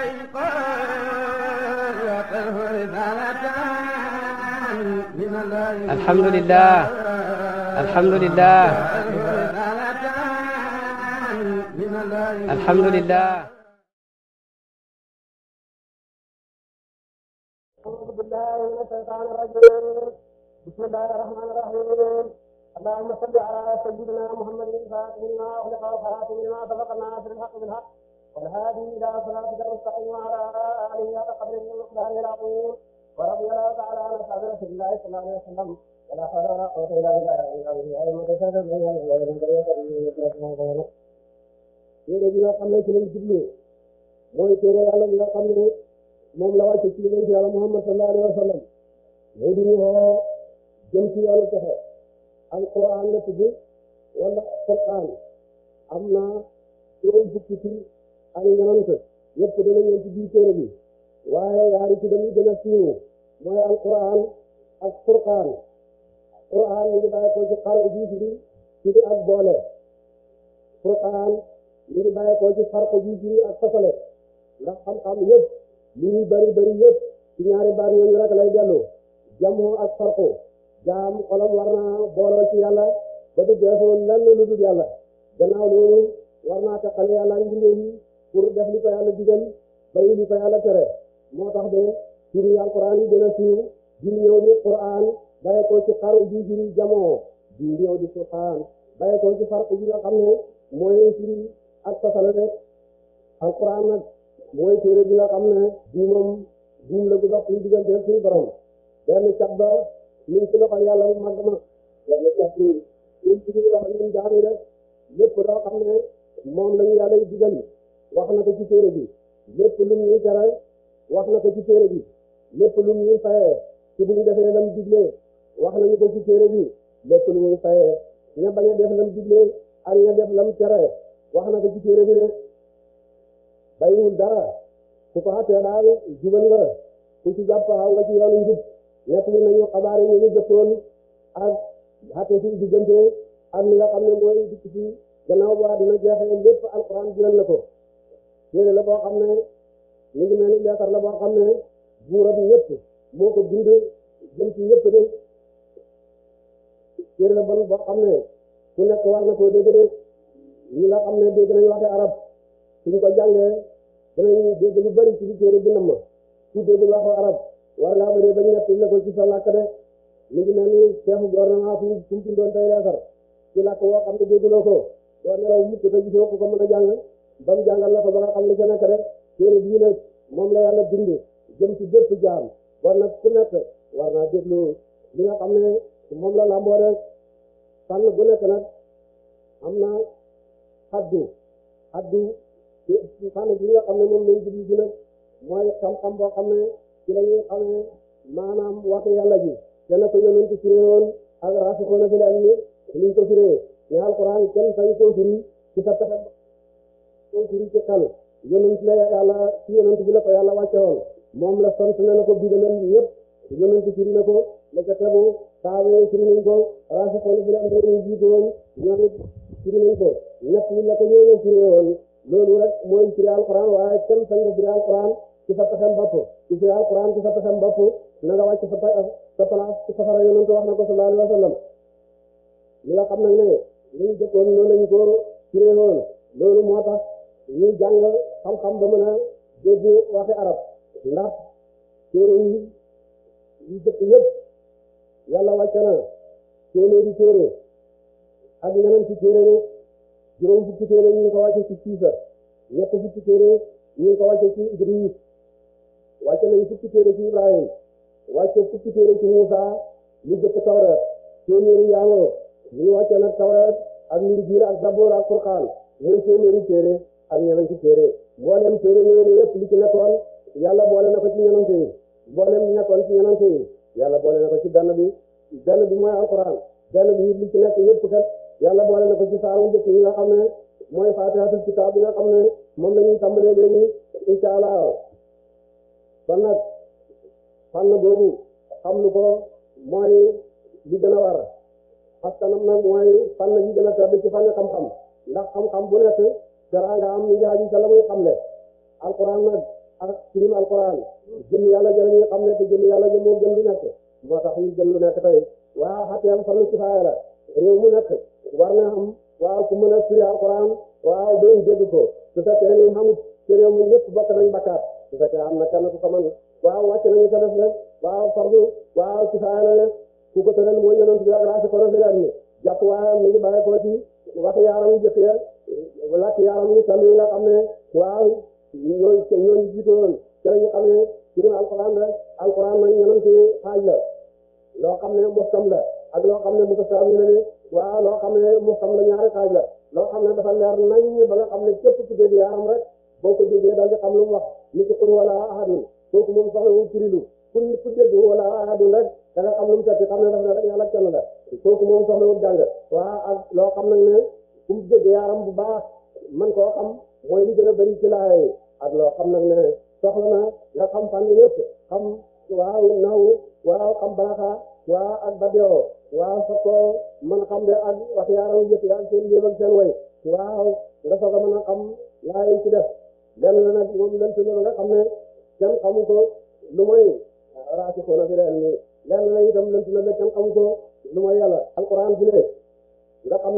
alhamdulilah alhamdulilah alhamdulilah. بسم الله الرحمن الرحيم اللهم صل على سيدنا محمد الفاتح لما أغلق وخاتم لما سبق الناصر الحق بالحق والهادي إلى صراطك المستقيم وعلى آله حق قدره ومقداره العظيم ورضي الله تعالى عن أصحاب رسول الله صلى الله عليه وسلم ولا حول ولا قوة إلا بالله العلي العظيم وتسلم بها من غير ذرية téere bi nga xam ne ci lañ jublu mooy téere yàlla bi nga xam ne moom la wàcce ci yonent yàlla Muhammad sallallahu alayhi wa sallam muy di ñu xoo jëm ci yoonu texe alquran la tudd wala quran am na juróom fukki ak yonent yëpp dana ñëw ci biir téere bi waaye yaari ci dañuy gën a siiw mooy alquran ak furqaan quran mi ngi bàyyi ko ci xaru jiis bi ci di ak boole furqaan mi ngi bàyyi ko ci farqu jiis bi ak safale ndax xam-xam yëpp li ñuy bari bari yëpp ci ñaari baat yooyu rek lay ak farqu jaam xolam war naa ci yàlla ba du geesoo lenn lu dul yàlla gannaaw loolu war naa teqale yàlla ak pour def li ko yàlla digal bàyyi li ko yàlla tere moo tax de turu alquran yi gën a siiw di ñëw ni quran bàyyi ko ci xar uji jiri jamoo di ñëw di quran bàyyi ko ci far uji nga xam ne mooy firi ak tasala rek alquran nag mooy téere bi nga xam ne duumam duum la gu dox suñu digganteel suñu borom benn cat ba ñun ci loxol yàlla bu mag ma benn cat bi ñun ci loxol ñun jaam yi rek lépp loo xam ne moom lañu yàlla digal wax na ko ci téere bi lépp lum ñuy teral wax na ko ci bi lépp lum ñuy fayee ci bu ñu defee lam wax nañu ko ci téere bi lu muy fayee ña ba a def lam diglee ak ña def lam tere wax na ko ci téere bi rek bayiwul dara ku ko xatee daal jubal nga ku ci jàpp xaw nga ci yoonu njub nekk li nañu xabaar yi ñu jëkkoon ak xate si diggante ak li nga xam ne mooy dikk ci gannaaw bu dina jeexee lépp alquran jural na ko téere la boo xam ne mu ngi mel ni la boo xam ne buura bi yëpp moo ko bind jëm ci yëpp de téere la bon boo xam ne ku nekk war na koo dégg de ñi nga xam ne dégg nañu waxe arab ko jàngee danañ bari ci téere bi nam ma ku dégg waxu arab war ngaa bëree bañ nekk la ko ci sa làkk de mu ngi mel ni chef gouvernement fu mu bindoon tey leetar ci làkk woo xam ne dégguloo ko doo nelaw mukk te gisoo ko ko mën a jàng ba mu jàngal la ko ba nga xam li ca nekk rek téere bii nag moom la yàlla bind jëm ci bépp jaam war nag ku nekk war naa déglu li nga xam ne moom la làmboo rek fànn bu nekk nag am na xaddu xaddu fànn bi nga xam ne moom lañ jublu ji nag mooy xam-xam boo xam ne ci la ñuy xamee maanaam waxu yàlla ji te na ko yonent firee woon ak rasixoona fil ilmi ni ñu ko firee ne alquran kenn sañ koo firi ci sa pexe koy firi ci xel yonent la yàlla ci yonent bi la ko yàlla wàcce woon moom la sant na la ko bidanan yëpp yonent firi na ko la ca tegu saawee firi nañ ko raasixoon fi la am ñu jiite woon ñoom it firi nañ ko ñett yi la ko ñooñu firee woon loolu rek mooy firi alquran waaye kenn sañ nga firi alquran ci sa pexem bopp ci firi alquran ci sa pexem bopp na nga wàcc sa sa place ci safara yonent wax na ko sallallahu alayhi wa sallam li nga xam nag ne li ñu jëkkoon noonu lañ ko firee woon loolu moo tax ñuy jàng xam-xam ba mën a dégg waxi arab ndax téere yi yu jëkk yëpp yàlla wàcce na téeméeri ak yeneen ci téere juróom fukki téere ñu ngi ko wàcce ci Siisa ñett fukki téere ñu ngi ko wàcce ci Idris wàcce nañ fukki téere ci Ibrahim wàcce fukki téere ci Muusa lu jëkk Tawreet téeméeri yaangoo ñu wàcce nag Tawreet ak Linjiil ak Zaboor ak Furqaan muy téeméeri téere ak ñeneen ci téere mboolem téere yooyu yëpp li ci nekkoon yàlla boole na ko ci ñenante yi mboolem li nekkoon ci ñenante yi yàlla boole na ko ci benn bi benn bi mooy alquran benn bi li ci nekk yëpp kat yàlla boole na ko ci saaru njëkk yi nga xam ne mooy faatihatul kitaab bi nga xam ne moom la ñuy tàmbalee léegi incha allah kon nag lu ko mooy li gën a war parce que nag mooy fànn yi gën a ci fànn xam-xam ndax xam-xam bu nekk. dara nga am ñu ngi aju ca la muy xamle alquran nag ak firim alquran jëm yàlla jëlee ñuy xamle te jëm yàlla jëm moo gën lu nekk moo tax ñu gën lu nekk tey waa xateem farlu kifaaya la réew war na am waaw ku mën a firi alquran waaw doon dégg ko su fekkee ni xamut ci réew mi ñëpp bokk nañ bakkaat su fekkee am na kenn ku ko mën waaw wàcc nañu ko def rek waaw farlu waaw kifaaya la rek ku ko tëral mooy yonent bi ak raasi ko rafetal mi ngi bàyyi lakk yaram yi tam yi nga xam ne waaw ñooñu ñooñu jiitoon ci la ñu xamee ci biir alquran la alquran mooy ñanam ci xaaj la loo xam ne muhkam la ak loo xam ne mutashaabih la ne waaw loo xam ne muhkam la ñaari xaaj la loo xam ne dafa leer nañ ba nga xam ne képp ku dégg yaram rek boo ko déggee daal di xam lu mu wax ni ci qul wala ahadun kooku moom sax wu firilu pour ku dégg wala ahadun rek da nga xam lu mu tekki xam ne dafa ne rek yàlla kenn la kooku moom sax la wut jàng waaw ak loo xam nag ne bu mu dégg yaram bu baax man ko xam mooy li gën a bari ci laay ak loo xam nag ne soxla na nga xam fànn yëpp xam waaw naw waaw xam balaxa waaw ak badoo waaw sa ko mën a xam de ak wax yaaram yëpp nga soog a mën a xam laay ci def la nag moom lënt la nga xam ne kenn xamu ko lu mooy ko na fi leen nii lenn la itam lënt la kenn xamu ko yàlla nga xam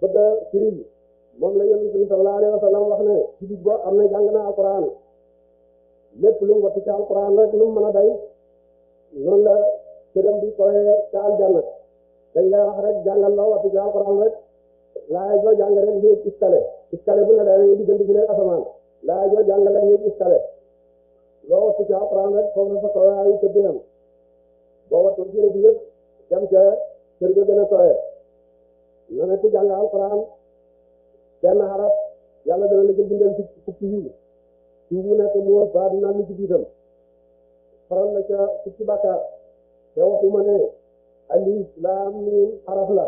bëgg a firil moom la yonent bi sallallahu alayhi wa sallam wax ne jullit boo xam ne jàng na alquran lépp lu mu wattu ci alquran rek lu mu mën a day noonu la këram bi koyee ca aljanna dañ lay wax rek jàngal loo wattu ci alquran rek laay joo jàng rek yéeg iskale iskale bu ne day diggante ci lay asamaan laay joo jàng rek yéeg iskale loo wattu ci alquran rek foofu la fa koyaayu tëddinam boo wattu ci yëpp dem ca kër ga gën a koyee ma ne ku jàng alxuraan benn xaraf yàlla dana la jël bindal ci fukki yiw yiw bu nekk mu war baa dinaa lu ci biitam faral la ca fukki bàkkaar te waxuma ne alif laam miim xaraf la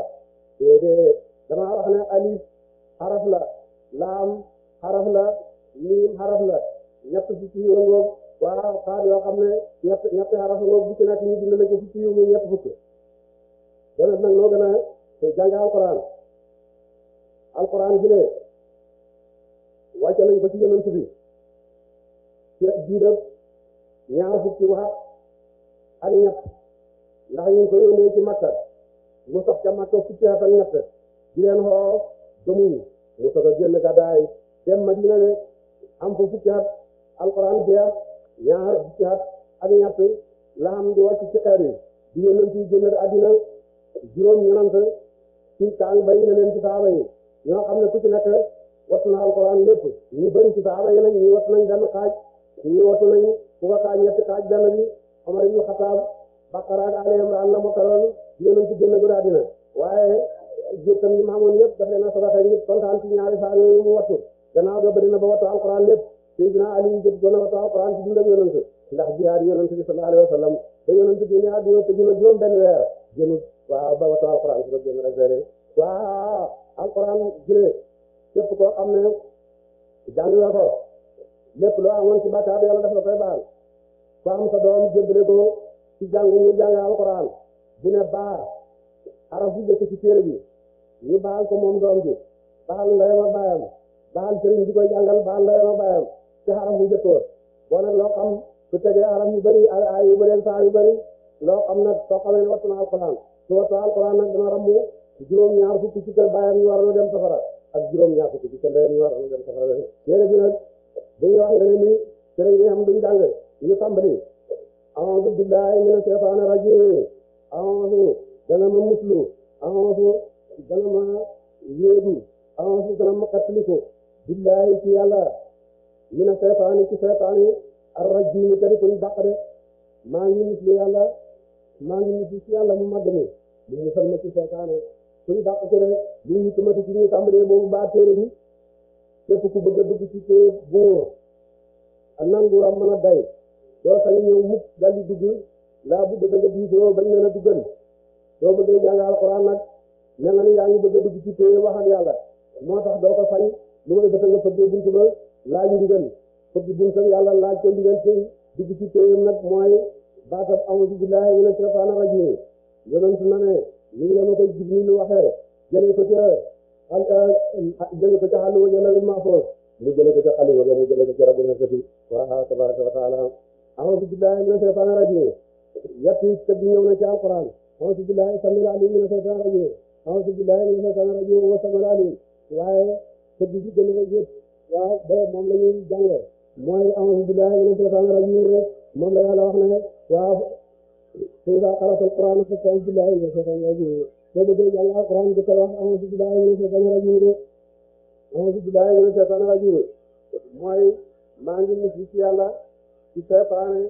déedéet damaa wax ne alif xaraf la laam xaraf la miim xaraf la ñett fukki yiw ngoog waaw xaar yoo xam ne ñett ñetti xaraf ngoog bu ci nekk ñu dina la ca fukki yiw muy ñett fukki dana nag noo gën a te jàng alquran alquran gi ne wàcce nañ ba ci bi ci ak ñaar fukki waxat ak ñett ndax ñu ngi ko yónnee ci Makka mu sax ca Makka fukki at ak a génn fa fukki ñaar fukki at ak ñett la am di wàcc ci xeer yi di yonent yi ci kaan bay na leen ci saaba yi ñoo xam ne wattu na alquran lépp ñu bëri ci saaba yi lañ ñi wattu nañ benn xaaj ñi wattu nañ ku ko xaaj ñetti xaaj benn bi Omar ibn Xataab Baqara ak Ali Imran la mu taloon yéen ci génn guddaa dina waaye jëttam ñi mu xamoon yëpp daf leen a sadaxa ñi kontaan ci ñaari saaba yooyu mu wattu gannaaw ga bëri na ba wattu alquran lépp Sayyidina Ali jot gën a wattu alquran ci dundam yonent ndax jihaad yonent bi sallallahu alayhi wa sallam da yonent bi ne àdduna waaw ba watoo alxuraan si ba génn rek fee waaw alxuraan jëlee képp koo xam ne jàng nga ko lépp loo amoon ci bàkkaar yàlla def la koy baal ko am sa doom jëmbale ko ci jàng mu jàng alxuraan bu ne baar araf bu jëkk ci téere bi ñu baal ko moom doom bi baal ndeyam ak baayam baal sëriñ bi koy jàngal baal ndeyam ak baayam ci araf bu jëkk boo loo xam su tegee araf yu bëri ay yu bëri saa yu bëri loo xam nag soo xamee wattu na soo taal Alxuraan nag dana rambu juróom-ñaar fukki ci kër baayam ñu war na dem safara ak juróom-ñaar fukki ci kër ndeyam ñu war na dem safara léegi bi nag bu ñu wax nga ne nii sëriñ yi xam duñ jàng ñu tàmbali a'uuzu billaahi mina shaytaani rajiim a'uuzu dana ma muslu a'uuzu dana ma yéedu a'uuzu dana ma xattaliku billaahi ci yàlla mina shaytaani ci shaytaani ar-rajiim kadi kuñ dàq de maa ngi muslu yàlla maa ngi muslu ci yàlla mu màgg mi ñu musal ma ci seytaane suñ dàq mu rek ñu ñu tumati ci baa téere bi képp ku bëgg a dugg ci téere buur a nangu am mën a day doo sañ ñëw mukk dal di dugg laa bu dëgg nga diisoo bañ leen a duggal doo bëggee jàng alxuraan nag mel na ni yaa ngi bëgg a ci téere wax ak yàlla moo tax doo ko sañ lu may bëgg nga fëggee buntu ba laaj ndigal fëgg buntam yàlla laaj ko ndigal ci dugg ci téereem nag mooy baatab a'uuzu billaahi mina shaytaani rajiim yonent na ne ni la ma ko Jibril waxee jëlee ko ca al euh, jëlee ko ca àll wa jëlee maafoos mu jëlee ko ca àll wa mu jëlee ko ca rabu nasati wa tabaraka wa taala a'uuzu billahi mina shaytaani rajiim yàtt tëdd ñëw na ci alquran a'uuzu billahi samil alim mina shaytaani rajiim a'uuzu billahi mina shaytaani rajiim wa samil alim waaye tëdd ji gën a yëpp waaw ba moom la ñuy jàngee mooy a'uuzu billahi mina shaytaani rajiim rek moom la yàlla wax ne waaw فإذا قرأت القرآن فاستعذ بالله من الشيطان الرجيم فبدأ جعل القرآن بالتلاوة أعوذ بالله من الشيطان الرجيم أعوذ بالله من الشيطان الرجيم mooy maa ngi mucc ci yàlla ci seytaane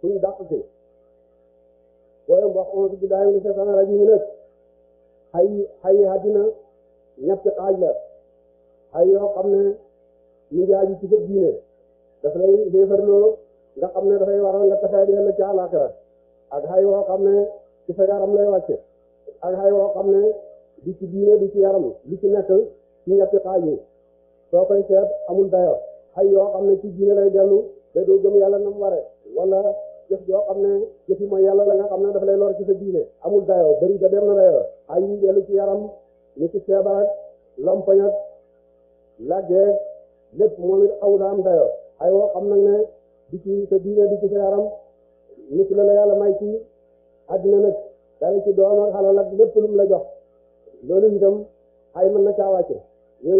suñ dàq ci booy wax أعوذ بالله من الشيطان الرجيم nag xay xay àddina ñetti xaaj la xay yoo xam ne ñu ngi aju ci sa diine daf lay defarloo nga xam ne dafay waral nga taxaw di la ci àllaaxira ak xay woo xam ne ci sa yaram lay wàcce ak xay woo xam ne di ci diine du ci yaram lu ci nekk ci ñetti xaaj yi soo koy seet amul dayo xay yoo xam ne ci diine lay dellu te doo gëm yàlla na mu ware wala jëf yoo xam ne jëfi mooy yàlla la nga xam ne dafa lay ci sa diine amul dayo bëri dem na dayo xay yi ci yaram ñu ci feebar ak lompoñ ak laggee lépp moom it aw na am dayo xay woo xam nag ne du ci sa diine du ci sa yaram nit la la yàlla may ci àddina ci doom xalal ak lépp lum la jox loolu itam xay mën na caa wàcce yi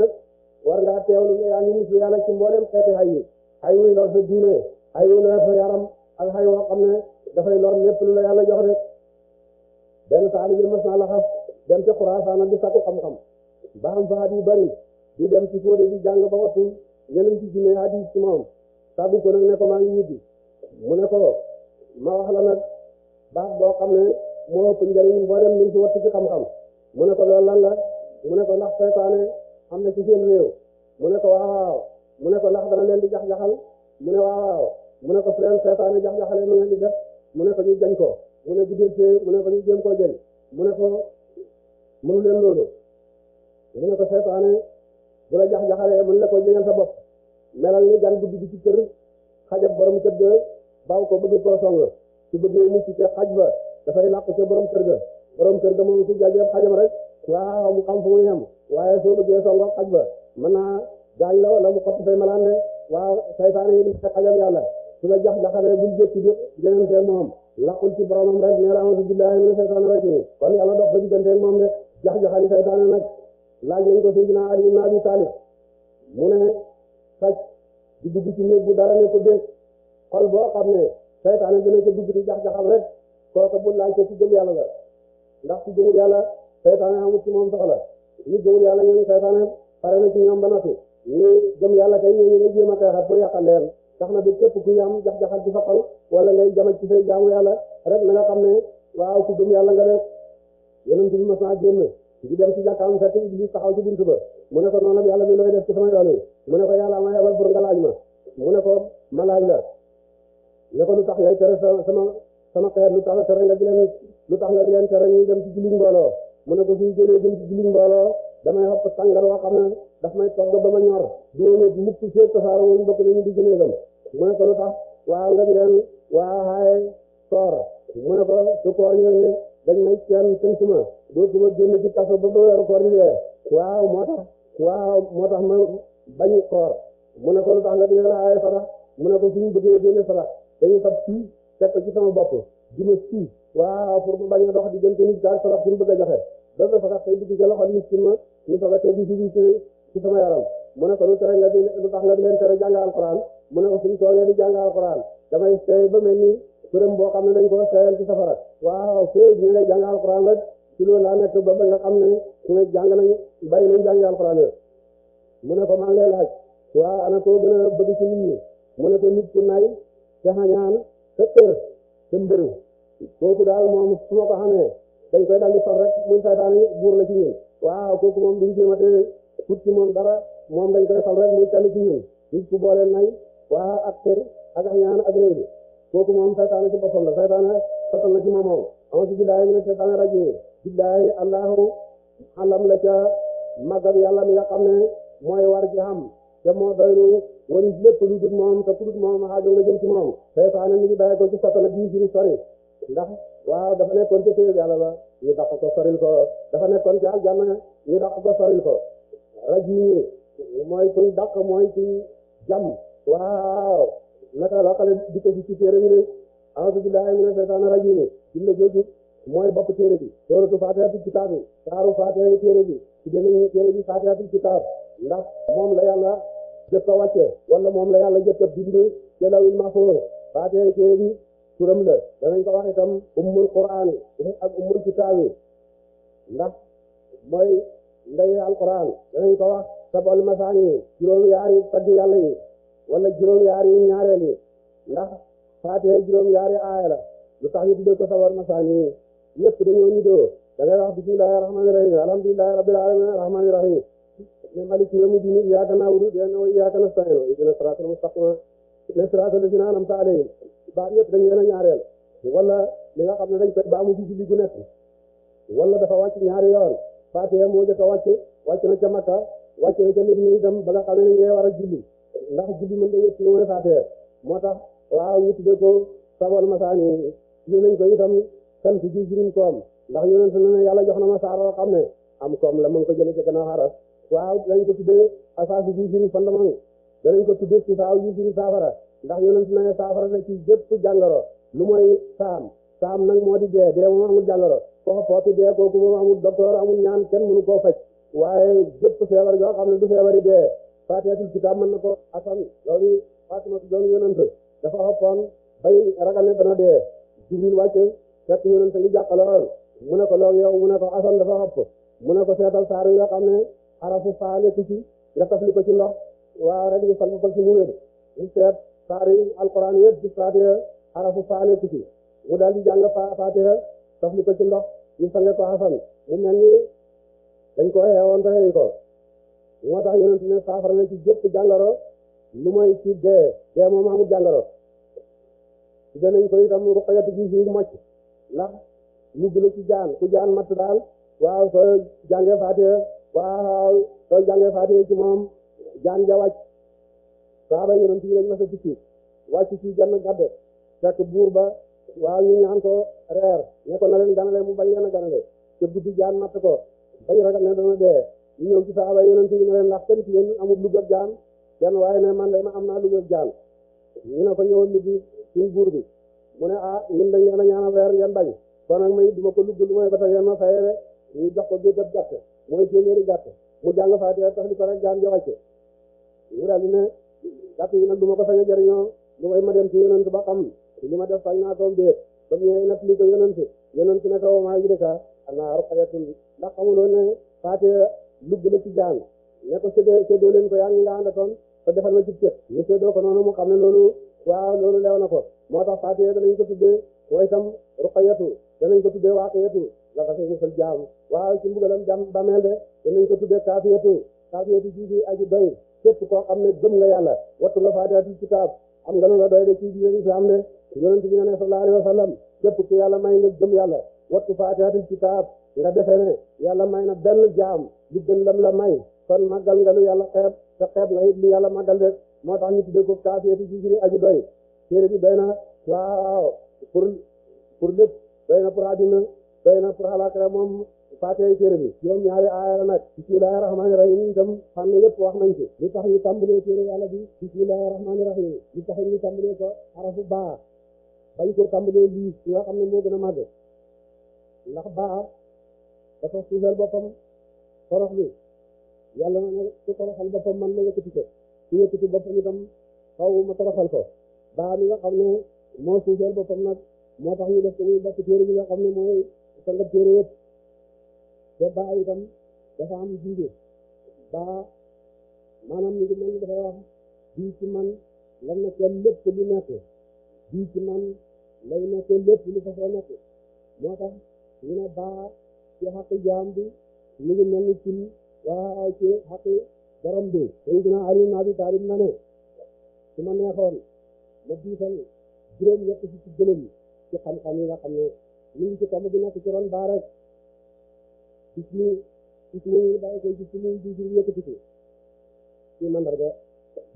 nag war ngaa teewlu ne yaa xay yi xay wuy lor ak xay woo xam ne dafay lor lépp lu la yàlla jox rek benn taalibe mas na di sakku xam-xam ba am fa at yu bari di dem ci fóode di jàng ba wattu yonent bi ne hadis ci moom sàggu ko nag ne ko maa ngi ñibbi mu ne ko ma wax la nag baax boo xam ne moo ëpp njëriñ mboolem luñ ci wattu ci xam-xam mu ne ko loolu lan la mu ne ko ndax seytaane am na ci seen réew mu ne ko waaw waaw mu ne ko ndax dana leen di jax-jaxal mu ne waaw waaw mu ne ko fu leen seytaane jax-jaxalee nu ngeen di def mu ne ko ñu jañ ko mu ne bu dee see mu ne ko ñu jéem koo jañ mu ne ko mënu leen loolu mu ne ko seytaane bu la jax-jaxalee mën la ko jëñal sa bopp melal ni gan bu dugg ci kër xajab borom kër ga baaw ko bëgg koo song su bëggee mucc ca xaj ba dafay làq ca borom kër ga borom kër ga moom su jaajëf xajam rek waaw mu xam fu muy yem waaye soo bëggee songo xaj mën naa gaañ la wala mu xott fay malaan de waaw saytaane yi sa xajam yàlla su la jax jaxalee bul jëkk ci jeneen seen moom làqul ci boromam rek nee la amatu billahi mina saytaane rek ni kon yàlla dox ba digganteen moom de jax jaxali saytaane nag laaj nañ ko Seydina Ali ibn Abi Talib mu ne saj di dugg ci néeg bu dara ne ko dégg xol boo xam ne saytaane dina ko dugg di jax-jaxal rek kooku bu laajte ci gëm yàlla la ndax ci gëmul yàlla saytaane amul ci moom soxla ñu gëmul yàlla ñooñu saytaane pare na ci ñoom ba noppi ñu gëm yàlla tey ñooñu ñu jéem a xeexal pour yàqal leen tax na ba képp ku yam jax-jaxal ci sa xol wala ngay jamat ci say jaamu yàlla rek na nga xam ne waaw ku gëm yàlla nga def yonent bi mas naa génn di dem ci jàkkaam fekk di taxaw ci buntu ba mu ne ko noonu yàlla mi looy def ci sama yoon yi mu ne ko yàlla ma yabal pour nga laaj ma mu ne ko ma laaj la ne ko lu tax ngay tere sama sama xeet lu tax nga tere nga di leen lu tax nga di leen tere ñuy dem ci julli mbooloo mu ne ko suñu jëlee dem ci julli mbooloo damay xopp sàngar woo xam ne daf may togg ba ma ñor du ñëw mukk fee tasaaro wuñ bokk nañu di jëlee gam mu ne ko lu tax waaw nga di leen waa xaaye koor mu ne ko su koor ñëwee dañ may seen seen suma dootuma génn ci kaso ba ba weeru koor yi waaw moo tax waaw moo tax ma bañu koor mu ne ko lu tax nga dina la aaye sarax mu ne ko suñu bëggee génne sarax dañu tab fii teg ko ci sama bopp di ma fii waaw pour mu bañ a dox diggante nit daal sarax pour mu bëgg a joxe dafa sarax tey dugg ca loxo nit ci ma ñu soog a teg di ci ci sama yaram mu ne ko lu tere nga di lu tax nga di leen tere jàng alxuraan mu ne ko suñu toogee di jàng alxuraan damay seey ba mel ni kuréem boo xam ne dañ ko seeyal ci safara waaw fee ñu ngi jàng alxuraan rek ci loolu laa nekk ba ba nga xam ne su jàng nañ bàyyi nañ jàng alxuraan mu ne ko maa ngi lay laaj waaw ana koo gën a bëgg ci nit ñi mu ne ko nit ku nay te xañaan te tër te mbëru kooku daal moom su ma ko xamee dañ koy daal di far rek muy saytaan yi buur la ci ñun waaw kooku moom duñ jéem a tee ut ci moom dara moom dañ koy fal rek muy tali ci ñun nit ku boole nay waaw ak tër ak xañaan ak réew kooku moom saytaan ci boppam la saytaan fatal na ci moom moom ama si billaahi mi ne saytaan rajo billaahi allahu alam la ca màggal yàlla mi nga xam ne mooy war ji xam te moo doylu walis lépp lu dul moom te ku dul moom xaajo nga jëm ci moom saytaane ni ñu bàyyi ko ci satana bii firi sori ndax waaw dafa nekkoon ci téyeb yàlla ba ñu daq ko soril ko dafa nekkoon ci aljanna ñu daq ko soril ko rajim yi mooy kuy daq mooy ci jàmm waaw naka la xale di ko ci téere bi ne a'uuzu billaahi mina saytaani rajiim jumla jooju mooy bopp téere bi sooratu faatihatul kitaab saaru faatiha téere bi ci gën a téere bi faatihatul kitaab ndax moom la yàlla jëkk a wàcce wala moom la yàlla jëkk a bind ci lawil mahfuuz faatee téere bi turam la danañ ko wax itam ummul quraan ak ummul kitaabi ndax mooy ndeyu alquran danañ ko wax sabal masaani juróom-yaari tagg yàlla yi wala juróom-yaari ñaareel yi ndax faatee juróom-yaari aaya la lu tax ñu tuddee ko sabal masaani lépp dañoo ñu doo da ngay wax bismillahi rahmaani rahim alhamdulillahi rabbil alamin arrahmaani rahim من مالك يوم الدين إياك نعبد وإياك نستعين اهدنا الصراط المستقيم اهدنا الصراط الذين أنعمت عليهم baat yëpp dañ leen a ñaareel wala li nga xam ne dañ koy baamu ci julli gu nekk wala dafa wàcc ñaari yoon Faatiha moo jëkk a wàcc wàcc na ca Makka wàcc na ca Madina itam ba nga xam ne ngay war a julli ndax julli mën dañu ci mooy Faatiha moo tax waaw ñu tuddee ko sabal masaani ñu nañ ko itam sant ji juróom koom ndax yonent na ne yàlla jox na ma saaroo xam ne am koom la mu ngi ko jëlee ci gannaaw xaras waaw dañ ko tuddee asaasu bi firi fondement danañ ko tuddee sifaaw yi firi saafara ndax yonent na saafara na ci jëpp jàngoro lu mooy saam saam nag moo di dee dee moom amul jàngoro koo pootu dee kooku moom amul docteur amul ñaan kenn mënu koo faj waaye jëpp feebar yoo xam ne du feebari dee fatihatul kitaab mën na ko asan loolu fatimatu doon yonent dafa xoppoon bay ragal ne dana dee jibril wàcce fekk yonent ngi jàqaloon mu ne ko loog yow mu ne ko asan dafa xopp mu ne ko seetal saar yoo xam ne arafu faa nekku ci nga tafli ko ci ndox waaw rek ñu salbu ko ci mu ci mu daal di jàng fa fatiha ci ndox ñu sange ko xasan mu ko moo tax na ci jëpp jàngoro lu mooy ko itam ruqayatu gi si mocc ci jaan ku jaan matt daal waaw soo jàngee fatiha waaw soo jàngee faatiha ci moom jaan ja wàcc saaba yonent yi lañ mas a tukki ci genn gàdd fekk buur ba waaw ñu ñaan ko reer ne ko na leen ganale mu bañ leen a ganale te jaan matt ko bañ ragal ne dana dee ñu ñëw ci saaba leen ndax kenn ci yéen amul lu gëb jaan kenn waaye ne man de am naa lu gëb jaan ñu ne ko ñëwal luggi suñ buur bi mu ne ah ñun dañ a ñaan a reer ngeen bañ kon nag may duma ko lugg lu may ba tax ma fayee de ñu jox ko gëb mooy téeméeri gàtt mu jàng faatiha tax li ko rek jaan ja wàcce ñu a di gàtt yi nag du ma ko sañ a jëriñoo lu ma dem ci yonent ba xam ma def sañ naa toom déet ba mu ñëwee nag li ko yonent yonent ne ko maa ngi dëkka ana ruqayatun ndax xamuloo ne faatiha lugg la ci jaan ne ko séddoo séddoo leen ko yaa ngi nga àndatoon te defal ma ci cët ñu séddoo noonu mu xam ne loolu waaw loolu leew na ko moo tax faatiha danañ ko tuddee way tam ruqayatu danañ ko tuddee waaqiyatu dafa koy musal jaamu waaw ci mbugalam jam bameel de danañ ko tuddee kaafiyatu kaafiyatu ji bi aji doy képp koo xam ne gëm nga yàlla wattu nga faatihatul kitaab am nga loola doy de ci biir islam de yonent bi ne sallallahu alayhi wa sallam képp ku yàlla may nga gëm yàlla wattu faatihatul kitaab nga defe ne yàlla may na benn jaam lu gën lam la may kon màggal nga lu yàlla xeeb te xeeb nga it lu yàlla màggal de moo tax ñu tuddee ko kaafiyatu ji bi aji doy téere bi doy na waaw pour pour lépp doy na pour àddina doy na pour xalaaka moom faatee téere bi juróom ñaari aaya la nag bismillahi rahmaani rahim itam fànn yëpp wax nañ ci li tax ñu tàmbalee téere yàlla bi bismillahi rahmaani rahim li tax ñu tàmbalee ko baa bañ ko tàmbalee lii ñi nga xam ne moo gën a màgg baa dafa suufeel boppam torox bi na ne ku toroxal boppam man la yëkkati ko ku yëkkati boppam itam faw ma toroxal ko baa mi nga xam ne moo suufeel boppam nag moo tax ñu def ko muy bopp téere te nga téere yëpp te baa itam dafa am jiite baa maanaam ñu ngi mel ni dafay wax bii ci man la nekke lépp lu nekk bii ci man lay nekke lépp lu fasoo nekk moo tax ñu ne baa ci xaq jaam bi ñu ngi mel ni cin waa ci xaq borom bi Seydina Ali ibn Abi Talib na ne su ma neexoon ma diital juróom-ñett ci ci gëlëm ci xam-xam yi nga xam ne ñu ngi ci tomb bi nekk ci ron baa rek gis ni gis ni bàyyi koy gis ni di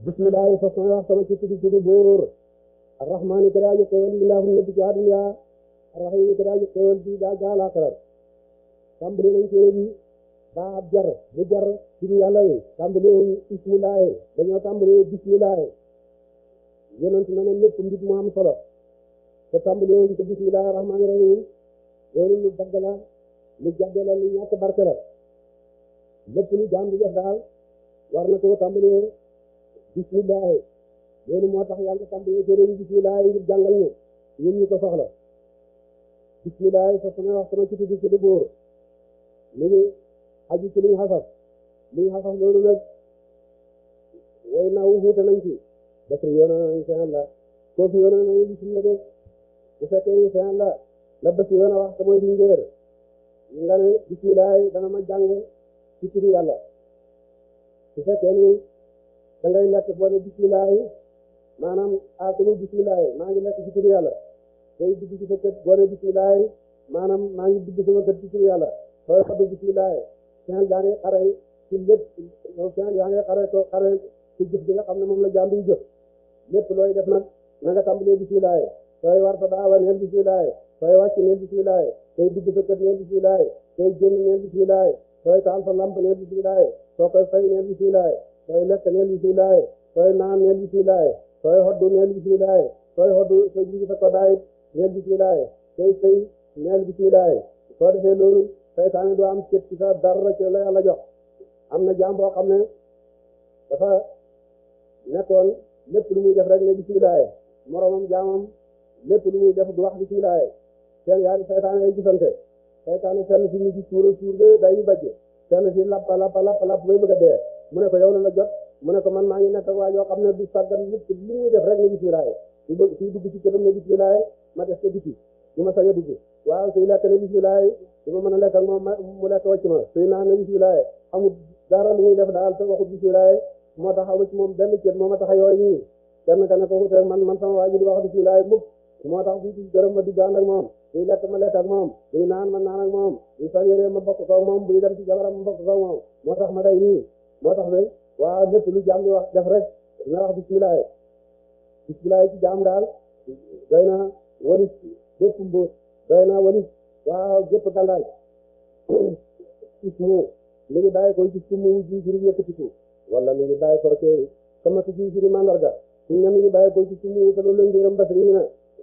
bismillahi fa wax sama ci tudd tudd góor arrahmaani ka daaji xewal daa gaalakarar tàmbali nañ téere bi baa ab jar bu jar ci yàlla yi tàmbalee ismilaahi dañoo tàmbalee bismilaahi yonent na ne te tàmbalee wuñ ko bismillahi rahmaani rahim loolu lu dagg la lu jagg la lu ñàkk barke la lépp lu jaam di def daal war na koo tàmbalee bismillahi loolu moo tax yàlla tàmbalee téere bi bismillahi ngir jàngal ñu ñun ñu ko soxla bismillahi sa sama wax sama ci tuddi ci lu bóor lu ñu aju ci luñ xasaf luñ xasaf loolu nag way naaw wuute nañ ci def yoona nañ ci Allah kooku yoona nañ bismillah bu fekkee ni fin la la bés yi yoon a wax te mooy dingéer nga ne bismilaay dana ma jàng ci turu yàlla bu fekkee ni da ngay lekk boo ne bismilaay maanaam aakulu bismilaay maa ngi lekk ci turu yàlla day dugg ci sa kët boo ne bismilaay maanaam maa ngi dugg sama kët ci turu yàlla sooy xadu bismilaay fin yaa ngi xare ci lépp fin yaa ngi xare ko xare ci jëf bi nga xam ne moom la jàmbi jëf lépp looy def nag na nga tàmbalee bismilaay sooy war fa daawa neel bismillahi sooy wàcc neel bismillahi sooy dugg sa kër neel bismillahi sooy génn neel bismillahi sooy taal sa lamp neel bismillahi soo koy fay neel bismillahi sooy lekk neel bismillahi sooy naan neel bismillahi sooy hoddu neel bismillahi sooy hoddu sooy jigi sa ko daayit neel bismillahi sooy sëy neel bismillahi soo defee loolu seytaane doo am cët ci sa la ci la yàlla jox am na jaam boo xam ne dafa nekkoon lépp lu muy def rek ne bismillahi moromam jaamam lépp lu muy def du wax li ciy laayee seen yaari saytaan ay gisante saytaan fenn fi ñu ci suura suur de day bajje fenn fi lapp lapp lapp lapp bay bëgg a dee mu ne ko yow la la jot mu ne ko man maa ngi nekk ak waa yoo xam ne du sàggan lépp lu muy def rek ne bismilaaye su bëgg suy dugg ci këram ne bismilaaye ma def ko biti du ma sañ a dugg waaw suy lekk ne bismilaaye du ma mën a lekk ak moom mu lekk wàcc ma suy naan ne bismilaaye amul dara lu muy def daal sa waxu bismilaaye moo tax amu ci moom benn cër moo ma tax a yooyu nii kenn ka ne ko xuteeg man man sama waa ji du wax bismilaaye mukk moo tax bu di gërëm ma di ànd ak moom buy lekk ma lekk ak moom buy naan ma naan ak moom buy sol yére ma bokk ko moom buy dem ci jabaram ma bokk ko moom moo tax ma day nii moo tax ne waa lépp lu jaam di wax def rek dina wax bisimilah bisimilah ci jaam daal doy na walis bépp mbuus doy na walis waa gépp gàndaay ismu mi ngi bàyyi ko ci sumu ji jiri yëkkatiku wala mi ngi bàyyi ko ci sama ji jiri mandarga suñ ne mi ngi bàyyi ko ci sumu te loolu lañ di rëmbas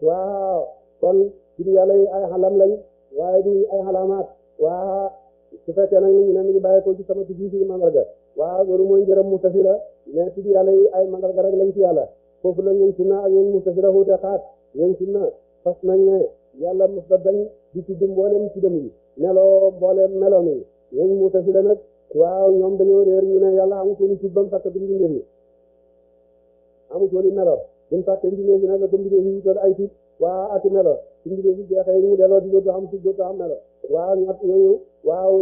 waaw kon ci yàlla yi ay xalam lañ waaye du ay xalamaat waaw su fekkee nag ñu ne ñu bàyyi ko ci sama tuddi ci mandarga waaw loolu mooy njëram mutasila mais ci yàlla yi ay mandarga rek lañ ci yàlla foofu la ñun sunna ak ñun mutasila wuute xaat ñun sunna fas nañ ne yàlla mos la dañ di tudd mboolem tuddam yi meloo mboolem meloom yi ñun mutasila nag waaw ñoom dañoo réer ñu ne yàlla amu tooni tudd bam sàkk biñ di ndëfi amu buñ fàtte mbindeef yi nag ba mbindeef yi wutal ay tiit waa ak melo su mbindeef yi jeexee mu delloo di dootu xam si dootu xam melo waaw ñett yooyu waaw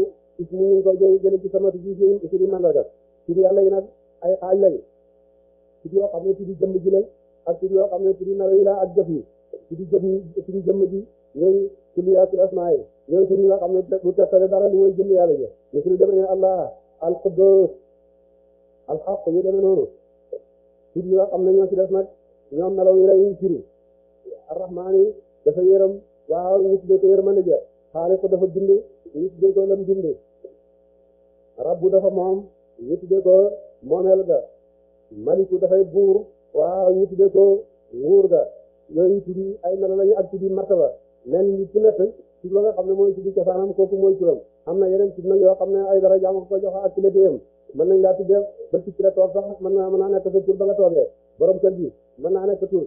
is mu ngi ko jële ci ji ji sudi yi nag ay xaaj lañ sudi yoo xam ne sudi jëmm ji lañ ak sudi yoo xam ne sudi melo yi la ak jëf yi sudi jëmm sudi jëmm ji yooyu sudi yaa sudi asmaa yi yooyu sudi nga xam ne bu teftale dara lu mooy jëmm yàlla ji ñu sudi demee allah al quddus al xaq yu demee noonu sudi yoo xam ne ñoo ci des nag ñoom nelaw yi la ñuy firi arrahmaan yi dafa yërëm waaw ñu tuddee ko yërmande ja xaaliq dafa bind ñu tuddee ko lam bind rabbu dafa moom ñu tuddee ko moomeel ga maliku dafay buur waaw ñu tuddee ko nguur ga yooyu tuddi ay melo lañu ak tuddi martaba lenn li ku nekk a la xam ne mooy tuddi cosaanam kooku mooy turam am na yeneen tudd nag yoo xam ne ay dara jaam ko jox ak ci la déyam mën nañ laa tuddee ba ci la toog sax mën naa mën naa nekk sa tur ba nga toogee borom kër gi mën naa nekk tur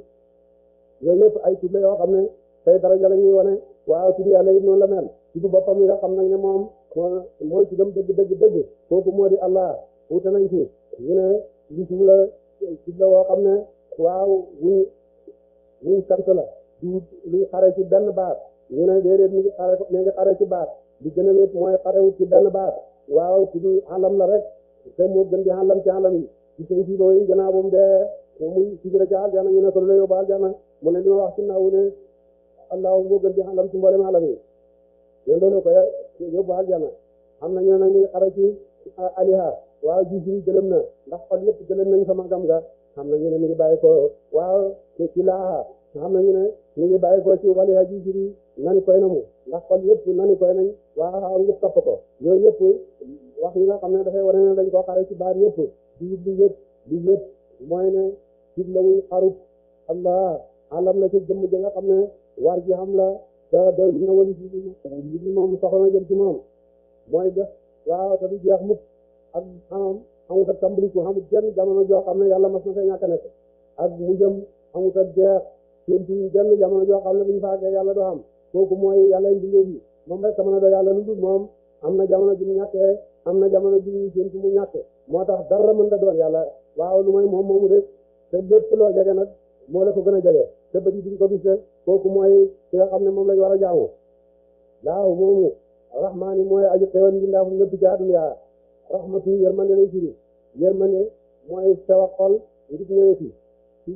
yooyu lépp ay tur yoo xam ne tey daraja la ñuy wane waaw tur yàlla yi noonu la mel tudd boppam yi nga xam nag ne moom moo mooy ci dem dëgg dëgg dëgg kooku moo di allah wute nañ ci ñu li tur la tur la woo xam ne waaw wuñ wuñ sant la du luy xare ci benn baat ñu ne déedéet mi ngi xare mi ngi xare ci baat li gën a mooy xarewut ci benn baat waaw tudd alam la rek te moo gën di alam ci alam yi ci seen jiw yi gannaaw muy sujura ca aljana ñu ne ko la yóbbu aljana mu ne li ma wax ci naaw ne allahu moo gën di alam ci mboolem alam yi ne loolu ko yóbbu aljana am na ñoo nag ñu xara ci aliha waaw ji si gëlëm na ndax xol yëpp gëlëm nañ sama gam ga xam na ñu ne mi ngi bàyyi ko waaw ci laaha xam na ñu ne mi ngi bàyyi ko ci waliha ji siri nani koy na mu ndax xol yëpp nani koy nañ waaw ngir topp ko yooyu yëpp wax yi nga xam ne dafay wane ne dañ koo xare ci baar yëpp di di yëpp di yëpp mooy ne ci la muy xarut xam la alam la ca jëmm ja nga xam ne war ji xam la te doy na wali ji moom soxla na jëm ci moom mooy def waaw te du jeex mukk ak xamam xamut ak tàmbaliku xamut jenn jamono joo xam ne yàlla mas na fee ñàkk nekk ak mu jëm xamut ak jeex séntu jenn jamono joo xam ne bu ñu faagee yàlla doo xam kooku mooy yàlla indi léegi moom rek jamono doo yàlla lu dul moom am na jamono ju mu ñàkkee am na jamono ju mu séntu mu ñàkkee moo tax dara mën da doon yàlla waaw lu mooy moom moomu rek te lépp loo jege nag moo la ko gën a jege te bët yi duñ ko gis kooku mooy ki nga xam ne moom lañ war a jaamu laaw moomu rahmaani mooy aju xewal yi ndax ñëpp ci àdduna yaa rahmatu yërmande lay firi yërmande mooy sew xol ngir ñëweti ci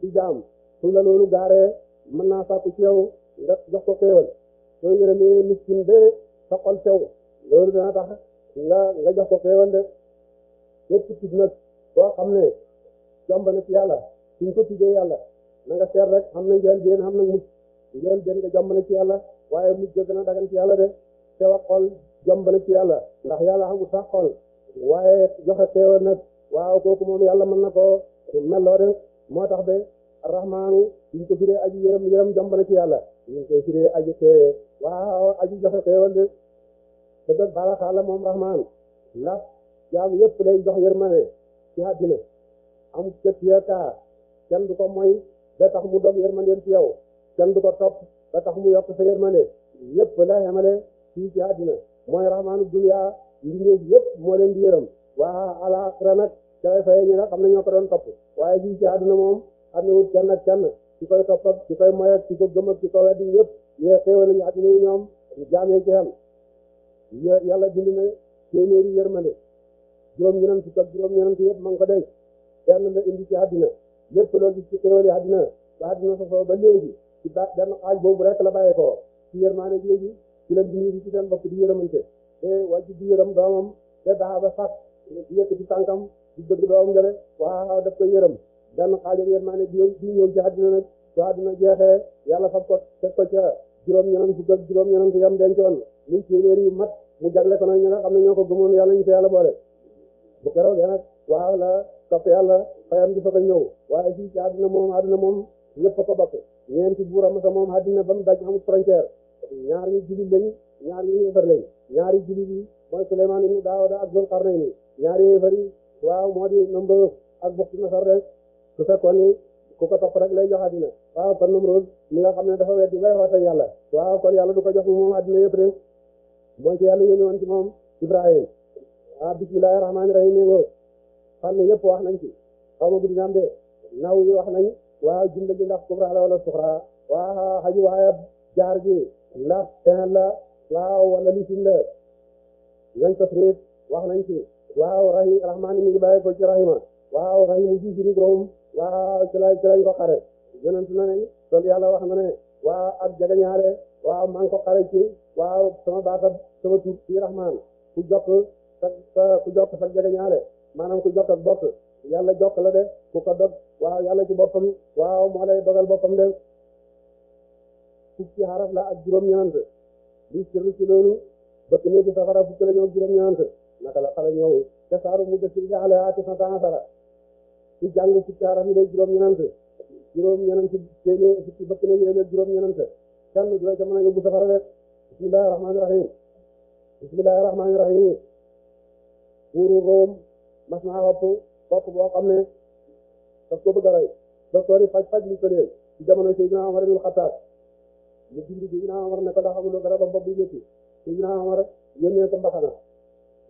ci jaam su la loolu gaaree mën naa sàkku ci yow nga jox ko xewal soo yërëmee miskin bee sa xol sew loolu dana tax nga nga jox ko xewal de lépp ci nag boo xam ne jomb na ci yàlla suñ ko tuddee yàlla na nga rek xam na njël benn xam na mujj njël benn ci yàlla waaye mujj gën a dagan ci yàlla de teewa xol jomb ci yàlla ndax yàlla xamul sax xol waaye joxe teewa nag waaw kooku moom yàlla mën na koo melloo de moo tax de rahmaanu suñ ko firee aji yërëm yërëm jomb ci yàlla suñ ko de aji teewee waaw aji joxe teewal de te doon baala xaala moom rahmaan ndax jaam yëpp lay jox yërmande ci àddina am cëtya taa kenn du ko mooy ba tax mu dog yërmandeem ci yow kenn ko topp ba tax mu yokk sa yërmande yëpp la yemale fii ci àddina mooy rahmaanu dunya mbindeef yëpp moo leen di yërëm waa alaaxira nag ca lay fayee ñi nga xam ne ñoo ko doon topp waaye fii ci àddina moom am na wut kenn ak kenn ci koy topp ak ci koy moy ak ci ko gëm ak ci ko weddi yëpp yee xéewal nañu àddina yi ñoom jaamee ci xam yàlla na téeméeri yërmande juróom-ñeneen ci toog juróom yëpp ma ngi ko denc benn la indi ci àdduna lépp loolu ci xéwal yi àdduna ba àdduna sosoo ba léegi ci ba benn xaaj boobu rek la bàyyeekoo ci yërmaane léegi ci la binii ci seen bopp di yërëmante te wàcc di yërëm doomam te daa ba sàkk di yëkk di tànkam di dëgg doomam njële waaw daf ko yërëm benn xaajam yërmaane di ñëw ci àdduna nag su àdduna jeexee yàlla fab ko teg ko ca juróom-ñeneen fukk ak juróom-ñeneen fukk yam dencoon muy téeméer yu mat mu jagle ko nag ñi nga xam ne ñoo ko gëmoon yàlla ñu ko yàlla boole bu keroog nag waaw la topp yàlla fayam di fa ko ñëw waaye fii ci àdduna moom àdduna moom ñëpp ko bokk ñeenti buuram sa moom àdduna ba mu daj amul frontière ñaar ñu jullit lañ ñaar ñu yéefar lañ ñaari jullit yi mooy Suleymaan ibnu Daawuda ak Zul moo di Namroos ak bokk nasar rek su fekkoon ni ku ko topp rek lay jox àddina waaw kon Namroos mi nga xam ne dafa weddi bay xootan yàlla waaw kon yàlla du ko jox moom àddina yëpp rek mooy ci yàlla yónni xam ne yëpp wax nañ ci xaw ma guddi naam de naw wax nañ waaw jumla ji ndax kubra la wala suxra jaar gi ndax fin la waaw wala lisin la nañ ko trit wax nañ ci waaw rahim rahmaani mi ngi bàyyi ci rahima waaw rahimu ji sirig room waaw ci lay ci lañ ko xare yàlla wax na ne waaw ab jagañaale waaw maa ngi ko xare ci waaw sama baatab sama tur jagañaale maanaam ku jokk bopp yàlla jokk la de yàlla ci boppam waaw moo lay dogal boppam de fukki xaraf la ak juróom-ñaant li sirru ci loolu bëkk néegi safara fukki la ñëw juróom-ñaant naka la xala ñëw te saaru mu def ci ala ati jàng fukki xaraf yi day juróom-ñaant juróom-ñaant téeméer fukki bëkk juróom-ñaant kenn du la ca mën a safara de bismillahi rahmaani rahim bismillahi mas naa wattu wattu boo xam ne daf ko bëgg a rey docteur yi faj faj li ko dee ci jamono Seydina Omar ibn Khattab mu dindi Seydina Omar ne ko ndax amuloo dara ba bopp bi métti Seydina Omar yónnee ko mbaxana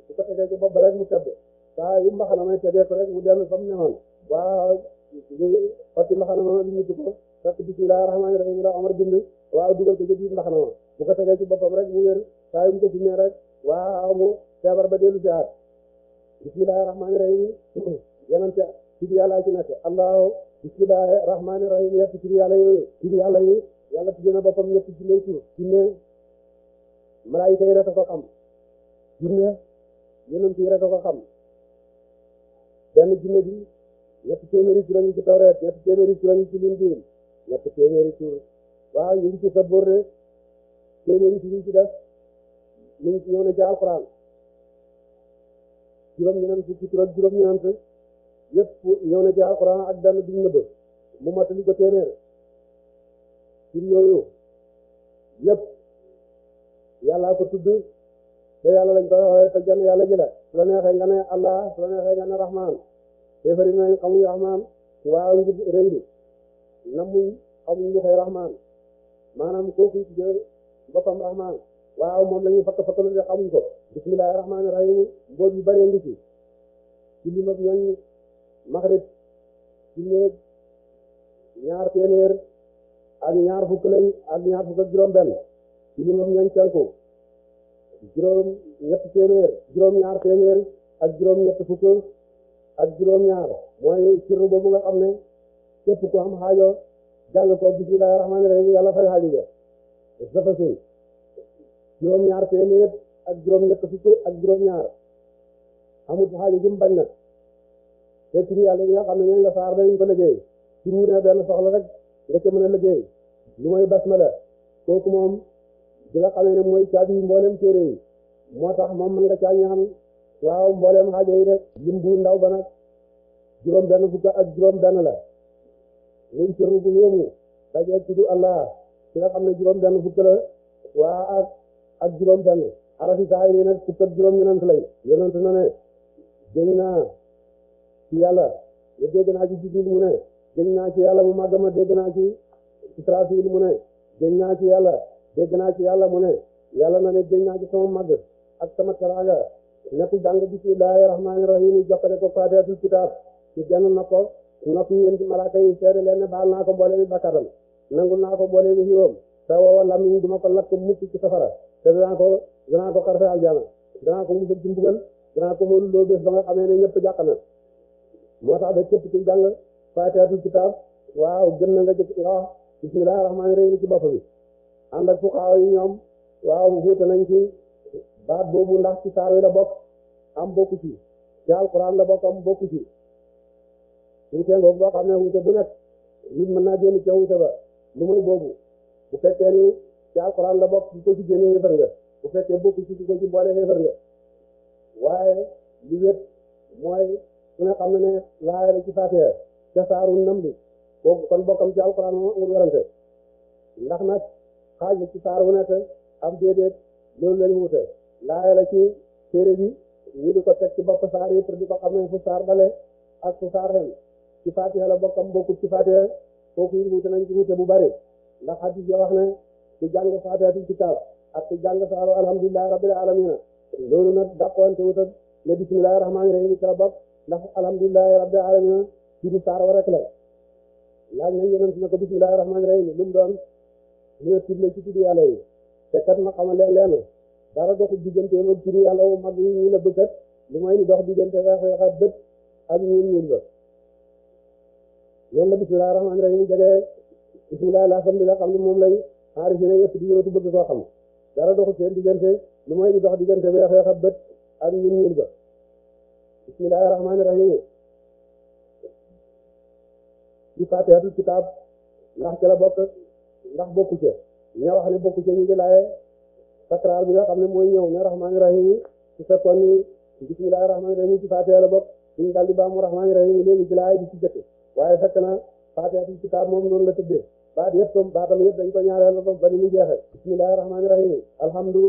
su ko tegee ko bopp rek mu tedd saa yu mbaxana may tegee ko rek mu dellu fa mu newoon waa fatti mbaxana ma li ñu ko fekk bismillahi rahmaani rahim la Omar bind waaw dugal ko jëbi mbaxana ma bu ko tegee ci boppam rek mu wér saa yu mu ko jinnee rek waaw mu feebar ba dellu si aat bismillahi rahmaani rahim yonente tuddi yàlla ci nekk allahu bismillahi rahmaani rahim yetti tuddi yàlla yooyu tuddi yàlla na boppam ñetti junne tur junne malaayika yi rek a ko xam junne yonente yi rek a ko xam benn junne bi ñetti ci tawreet ñetti téeméeri tur a ci lindiin ñetti ci sabóor téeméeri tur ci def ñu juróom-ñeent fukki tur ak juróom-ñeent yëpp ñëw na ci alquran ak benn biñ nëbb mu matali ko téeméer tur yooyu yëpp yàllaa ko tudd te yàlla lañ koy waxee te jàmm yàlla ji la su la neexee nga ne allah su la neexee nga ne rahman téefari nañ xamuñ rahman waaw ngi rëy bi namuñ xamuñ lu koy rahman maanaam kooku ci boppam rahman waaw moom la ñuy fakk fakk lu de xamuñ ko bismillahi rahmaani rahim mboot yu bëree ngi ci ci li mag ñooñ maxrib ci néeg ñaar téeméer ak ñaar fukk lañ ak ñaar fukk ak juróom benn ci li mag ñooñ penku juróom ñett téeméer juróom ñaar téeméer ak juróom ñett fukk ak juróom ñaar mooy sirru boobu nga xam ne képp ku am xaajo jàng ko bismillahi rahmaani rahim yàlla fay xaajo ja dafa juróom-ñaar téeméer ak juróom-ñett fukk ak juróom-ñaar amul xaaju jum bañ nag te turu yàlla yi nga xam ne ñooñu la saar dañu ko liggéey turu wu ne benn soxla rek nga ca mën a liggéey lu mooy basmala kooku moom di nga xamee ne mooy caabi mboolem téere yi moo tax moom mën nga caa ñaan waaw mboolem xaajo yi rek ndaw ba nag juróom benn fukk ak juróom benn la muy sirru bu yéemu daje tudd Allah ki nga ne juróom benn fukk la waa ak ak juróom benn arafi saa yi nag fukk ak juróom ñenent lay yonent na ne jëñ naa ci yàlla ma dégg naa ci jibril mu ne jëñ naa ci yàlla mu màgg ma dégg naa ci israfil mu ne jëñ naa ci yàlla dégg naa ci yàlla mu ne yàlla na ne jëñ naa ci sama màgg ak sama teraanga nekk jàng bismillahi rahmaani rahim jokkale ko faatihatul kitaab ci benn na ko noppi yéen ci malaaka yi seede leen ne baal naa ko mbooleemi bakkaaram nangul naa ko mbooleemi xiiwam te woowa lamiñ duma ko lakk mukk ci safara te danaa ko danaa ko xarfe aljana danaa ko musal ci mbugal danaa ko mën loo bés ba nga xamee ne ñëpp jàq na moo tax ba képp ci jàng faatihaatul kitaab waaw gën na nga jëkk nga wax bismillahi rahmaani rahim ci bopp bi ànd ak fuqaaw yi ñoom waaw wuute nañ ci baat boobu ndax ci saar wi la bokk am bokku ci ci alquran la bokk am bokku ci wuute boobu boo xam ne wuute bu nekk nit mën naa génn ca wuute ba lu muy boobu bu fekkee ni ci alxuraan la bokk bu ko ci génnee yëfar nga bu fekkee bokk waaye li mooy su ne xam ne ne la ci faatee ca saaru nam bi boobu kon bokkam ci alxuraan moom amul werante ndax nag xaaj la ci saar wu nekk am déedéet loolu lañu wute laaya la ci téere bi ñu di ko teg ci saar yi pour di ko xam ne fu saar ak fu saar xem ci faatee la bokkam bokkut ci faatee kooku yi wute nañ ci wute bu bari ndax xadis yo wax ne ku jàng faataatul kitaab ak ku jàng saaru alhamdulilahi rabbil alamina loolu nag dàqoonte wutal ne bismillahi rahmaani rahim ci la bokk ndax alhamdulilahi rabbil alamina ci du saar wa rek la laaj nañ yonent ne ko bismillahi rahmaani rahim lu mu doon mu ne tudd la ci tudd yàlla yi te kat ma xamal leen leen dara doxu diggante ak tudd yàlla wu mag yi ñu la bëggat lu mooy ni dox diggante weex weexaat bët ak ñuul ñuul ba loolu la bismillahi rahmaani rahim jege bismillahi laa xam ne moom lay aarifi na yëpp di yëngatu bëgg koo xam dara doxul seen diggante lu mooy di dox di weex weex a bët ak ñu ñuul ba bismillahi rahmaani rahim ci faatihatul kitaab ndax ci la bokk ndax bokku ca ña wax ne bokku ca ñu ngi laaye sakraar bi nga xam ne mooy ñëw ne rahmaani rahim su fekkoon ni bismillahi rahmaani rahim ci faatiha la bokk suñu daal di baamu rahmaani rahim léegi ci laaye di ci jëkk waaye fekk na faatihatul kitaab moom noonu la tëddee baat yëpp baatam yëpp dañ ko ñaareel ba ba ni mu jeexee bismillahi rahmaani alhamdu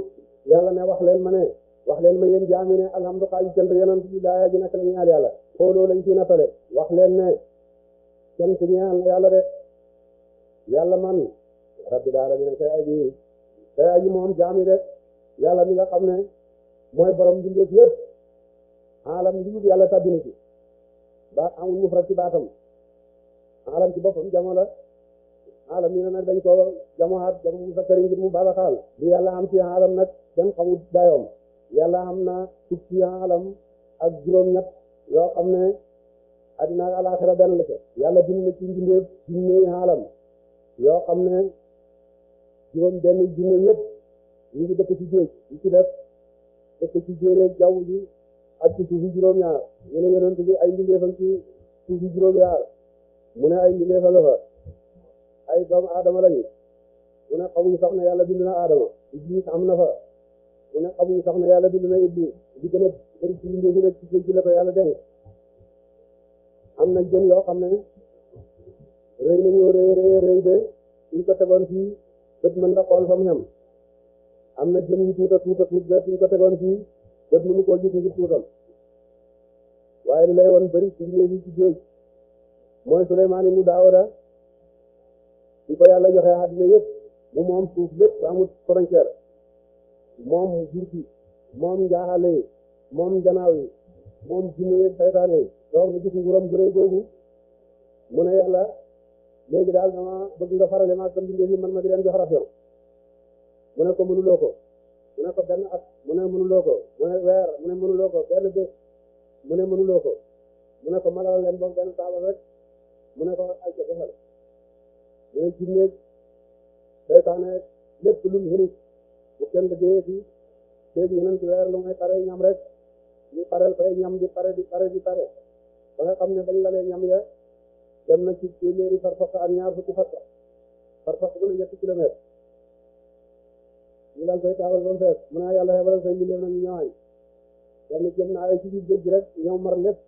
yàlla ne wax leen ma ne wax leen ma yéen jaami ne alhamdu xaaji cant yonent bi laa ji nak la ñaar yàlla xooloo lañ ci wax leen ne cant ñaan yàlla de yàlla man rabbil alamin kay aji kay moom jaami de yàlla mi nga xam ne mooy borom mbindeef yëpp alam bi yàlla tabbina ci baat ci baatam alam ci boppam jamono la aalamiina nag dañ ko jamoxaat jamu musakkari ngir mu baba xaal li yàlla am ci alam nag kenn xamul dayoom yàlla am na fukki alam ak juróom-ñett yoo xam ne addina ak alaxira benn la ca yàlla bind na ci mbindeef junne alam yoo xam ne juróom benn junne yëpp ñu ngi dëkk ci géej ñu ci def dëkk ci jéere jaww ji ak ci suufi juróom-ñaar ñu ne yonent bi ay mbindeefam ci suufi juróom-ñaar mu ne ay mbindeefa la fa ay doomu aadama lañu mu ne xamuñu sax ne yàlla bind na aadama iblis am na fa mu ne xamuñu sax ne yàlla bind na iblis di gën a bëri ci mbir mi nag ci géej gi la ko yàlla denc am na jën yoo xam ne rëy nañoo rëy rëy rëy de suñ ko tegoon fii bët mën na xool fa mu yem am na jën yu tuuta tuuta tuut ba suñ ko tegoon fii bët mënu koo gis ngir tuutam waaye lay woon bëri ci mbir mi ci géej mooy Suleymaan ibnu Daawuda su ko yàlla joxe àddina yëpp mu moom suuf lépp amut frontière moom jur gi moom njaaxale yi moom janaaw yi moom jinne yi saytaane yi door na gis nguuram bu rëy googu mu ne yàlla léegi daal dama bëgg nga farale maa sam bindee fi man ma di leen jox raf yow mu ne ko mënuloo ko mu ne ko benn at mu ne mënuloo ko mu ne weer mu ne mënuloo ko benn bés mu ne mënuloo ko mu ne ko malal leen boog benn taabal rek mu ne ko ay ca defal mooy jinneeg seytaane lépp lu mu xëy bu kenn liggéeyee fii ceeb yeneen ci weer lu may pare ñam rek ñu pareel fay ñam di pare di pare di pare ba nga xam ne dañ la lee ñam ya dem na ci téeméeri farfaq ak ñaar fukki farfaq farfaq bu ne ñetti ne yàlla xebalal say mbindeef na ñu ñëwaañ kenn jëm naa ay ci biir géej gi rek ñoom mar lépp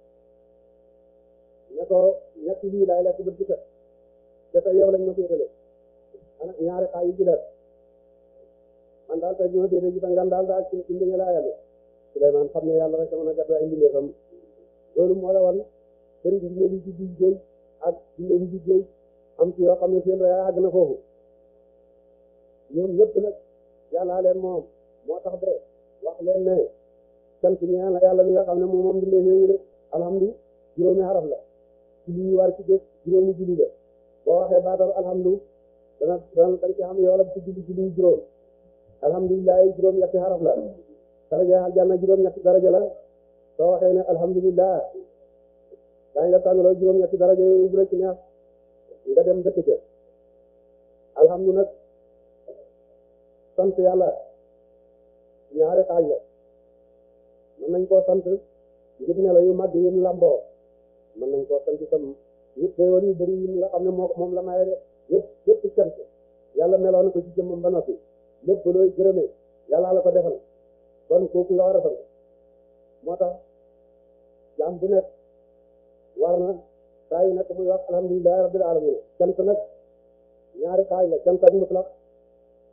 ne ko ñetti lii laay lekk bët ci kat te tey yow lañ ma féetale ana ñaari xaaj yu ci def man daal tey bi ma féetee ci sa ngan daal daal ci ci nga laa yàlla Souleymane xam ne yàlla rek mën a gàddu ay mbindeefam loolu moo la wan bëri dina li ci biir géej ak dina li ci géej am ci yoo xam ne seen rayaa àgg na foofu ñoom ñëpp nag yàllaa leen moom moo tax de wax leen ne sant ñaan la yàlla mi nga xam ne moom moom mbindeef yooyu rek alhamdu juróomi xaraf la ci li ñu war ci def juróomi julli la boo waxee baataru alhamdu dana dana dañ ci am yoolab ci julli julli juróom alhamdulilah juróom ñetti xaraf la daraja aljanna juróom ñetti daraja la soo waxee ne alhamdulilah daañu la tànnaloo juróom ñetti daraja yi bu la ci neex nga dem dëkk ca alhamdu nag sant yàlla ñaari la mën nañ koo sant ngir ne la yu mag yi lamboo mën nañ koo yëpp xéewal yu bëri yi nga xam ne moo moom la maye de yëpp yëpp meloo na ko ci jëmmam ba noppi lépp looy gërëmee yàlla la ko defal kon kooku nga war a moo tax jaam bu nekk war na saa yu nekk muy wax alhamdulilahi rabbil alamin cant nag ñaari xaaj la cant ak mutlaq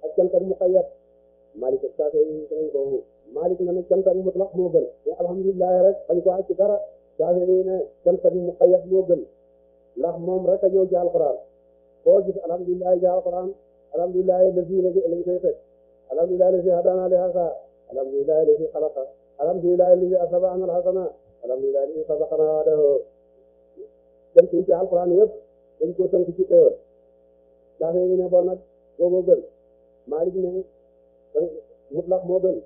ak cant ak muqayyad Malik saafé yi dinañ ko Malik na ne cant ak mutlaq moo gën mais alhamdulilahi rek bañ ko àcc dara saafé yi ne cant ak muqayyad moo gën ndax moom rek a ñëw ci alxuraan koo gis alhamdulilah ci alxuraan alhamdulilah lafi lañ koy fekk alhamdulilah lafi hadana li hasa alhamdulilah lafi xalaqa alhamdulilah lafi asaba anal hasana alhamdulilah lafi sabaqana wadahu dem ci alxuraan yëpp dañ ko tënk ci xéewal ndax ñu ne bon nag boobu gën Malik ne mutlaq moo gën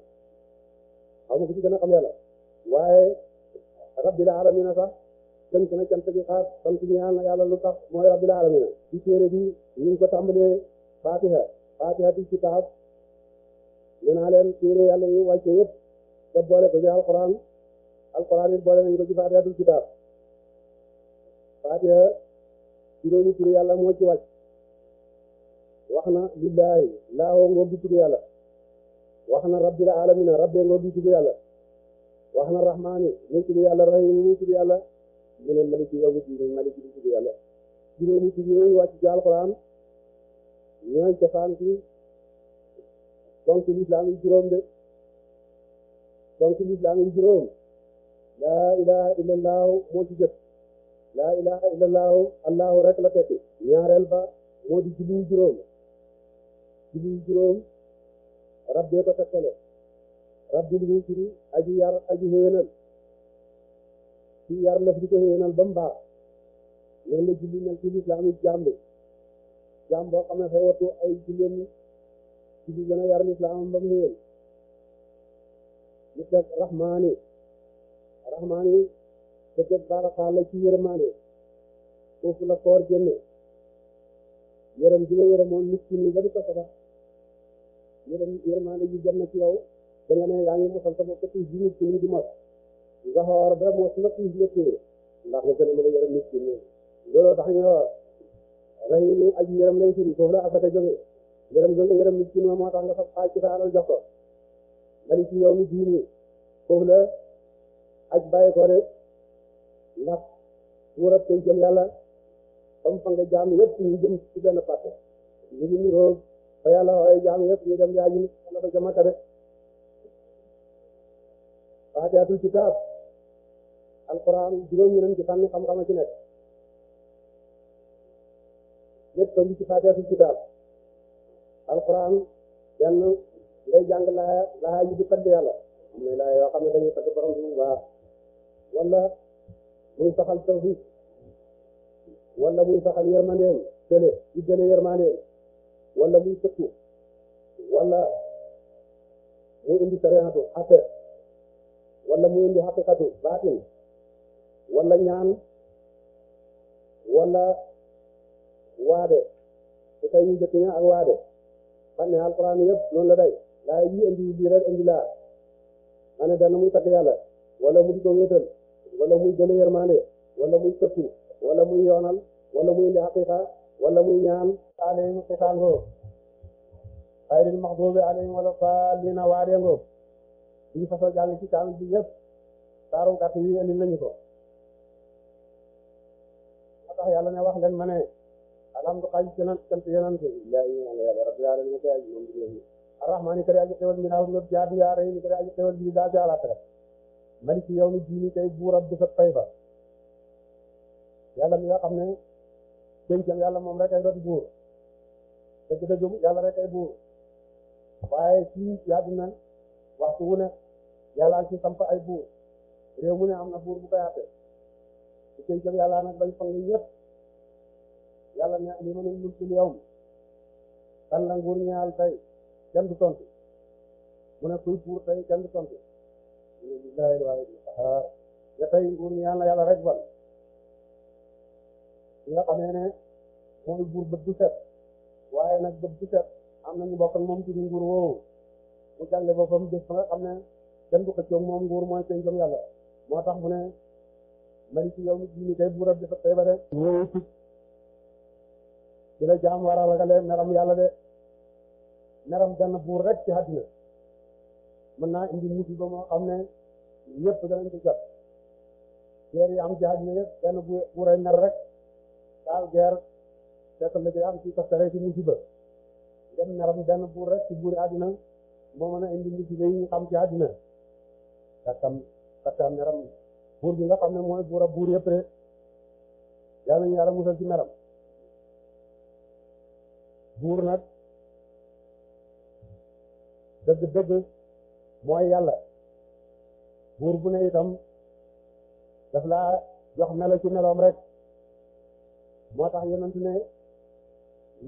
xaw ma ko ci gën a xam yàlla waaye rabbil alamin sax kenn ku ne cant gi xaar sant ñaan na yàlla lu tax mooy rabbil alamin ci téere bi ñu ngi ko tàmbalee fatiha fatiha ci kitaab nee naa leen téere yàlla yi wàcce yëpp te boole ko ci alquran alquran it boole nañ ko ci fatiha ci kitaab fatiha juróomi turu yàlla moo ci wàcc wax na lillahi laahoo ngoo di turu yàlla wax na rabbil alamin rabbee ngoo di turu yàlla wax na rahmaani muy turu yàlla rahim muy turu yàlla mu ne maliki yawmi diin maliki di tudd yàlla juróomi tudd yooyu wàcc ci alxuraan ñooy cosaan ci donc lislaam yi juróom de donc lislaam yi laa ilaha illallah moo ci jëkk laa allahu rek la tekki yaareel ba moo di julli juróom julli juróom rab bee ko takkale rab aji yar aji héenal ci yar lëf di ko yéenal ba mu baax loolu la julli mel ci lislaam yi jaam bi jaam boo xam ne fay wattu ay julleen julli gën a yar lislaam ba mu yéen li teg rahmaani rahmaani te teg la ci yërmaane foofu la koor génne yërëm ji la yërëmoon miskin ba di ko sabax yërëm yërmaane ji jëm na ci yow da nga ne yaa ngi mosal sa bopp ci jullit ci Zohor ba mu nekk ñetti ndax nga gën a mën a yërëm nit ki looloo tax ñu rey ni aji yërëm lay firi foofu la asaka jóge yërëm gën a yërëm nit ki moo tax nga fab xaaj ci sa alal jox ko bari ci yow mi diini foofu la aj bàyyi ko de ndax suurat koy jëm yàlla comme fa nga jaam yëpp ñu jëm ci benn pàcc ñu ngi ñu roog fa yàlla waaye jaam yëpp ñu dem yaa ñu ala ba jamaka de faatihatul kitaab alquran juróom ñu leen ci fànn xam-xam a ci nekk lépp ko li ci faateetul kitaab alquran benn ngay jàng laaya yi di tagg yàlla am na laaya yoo xam ne dañuy tagg borom bi bu baax wala muy saxal tawfiq wala muy saxal yërmandeem tële di gën a yërmandeem wala muy sëkku wala muy indi sariatu xate wala muy indi xaqiqatu baatin wala ñaan wala waade su tey ñu jëkk ña ak waade xam ne alquran yëpp noonu la day laay yi indi lii rek laa ma ne muy takk yàlla wala muy ko wéetal wala muy gën a yërmande wala muy sëkku wala muy yoonal wala muy indi xaqiqa wala muy ñaan alayhim qitaan ko xayril maxdubi alayhim wala daalliin waade ngo di façon jàng ci bi yëpp saaru gàtt ko tax yàlla ne wax leen ma ne alhamdulilah jërëjëf sant yonent bi la ilaha illa rabbil alamin kay moom bi leen arrahmani kare aji xewal mi naaw jaar yaa rey ni kare aji xewal bi daa jaalaat rek maliki yow mi diini kay buurab bi sa pay fa yàlla mi nga am ne dénkam yàlla moom rek ay doon buur dëgg dëggum yàlla rek ay buur waaye fii ne yàlla ci samp ay buur mu ne am na buur bu ko yaatee péncam yàlla nag bañ fang yëpp yàlla ne li ma ne mulkul kan la nguur ñaal tey kenn du tontu mu ne kuy puur tey kenn tontu ya tey nguur ñaal na yàlla rek ban li nga xamee ne mooy buur bët du set waaye nag bët du set am nañu bokk moom ci mu jàlle boppam def fa nga xam ne kenn du xëccoo moom mu ne maliki yow mi diini kay buurab dafa tey ba de ñëw la jaam war a ragale meram yàlla de meram gann buur rek ci àddina mën naa indi musiba moo xam ne ñëpp danañ ci jot geer yi am ci àddina yëpp benn buur ay mer rek daal geer fekk la ci am ci toftare ci musiba dem meram benn buur rek ci buuri àddina moo mën a indi musiba yi ñu xam ci àddina takkam takkam meram buur bi nga xam ne mooy buur a buur yëpp de yal nañu yàlla musal ci meram buur na dëgg-dëgg mooy yàlla buur bu ne itam daf laa jox melo ci meloom rek moo tax yonent ne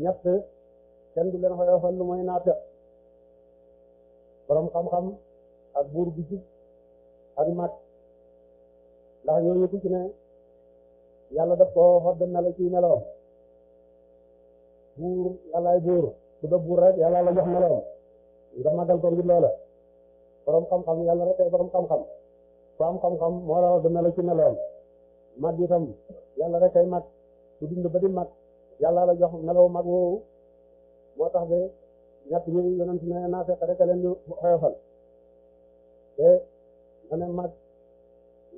ñett kenn du leen xoyofal lu mooy naate borom xam-xam ak buur bu jub ak mag ndax ñooñu ku ci ne yàlla daf ko xodd na la ciy meloom buur yàllaay buur ku da buur rek yàlla la jox meloom nga màggal ko ngir loola borom xam-xam yàlla rek ay borom xam-xam ku am xam-xam moo la xodd na la ci meloom mag itam yàlla la jox melaw mag woowu moo tax ba ñett ñu yonent ne naa fekk rek a ma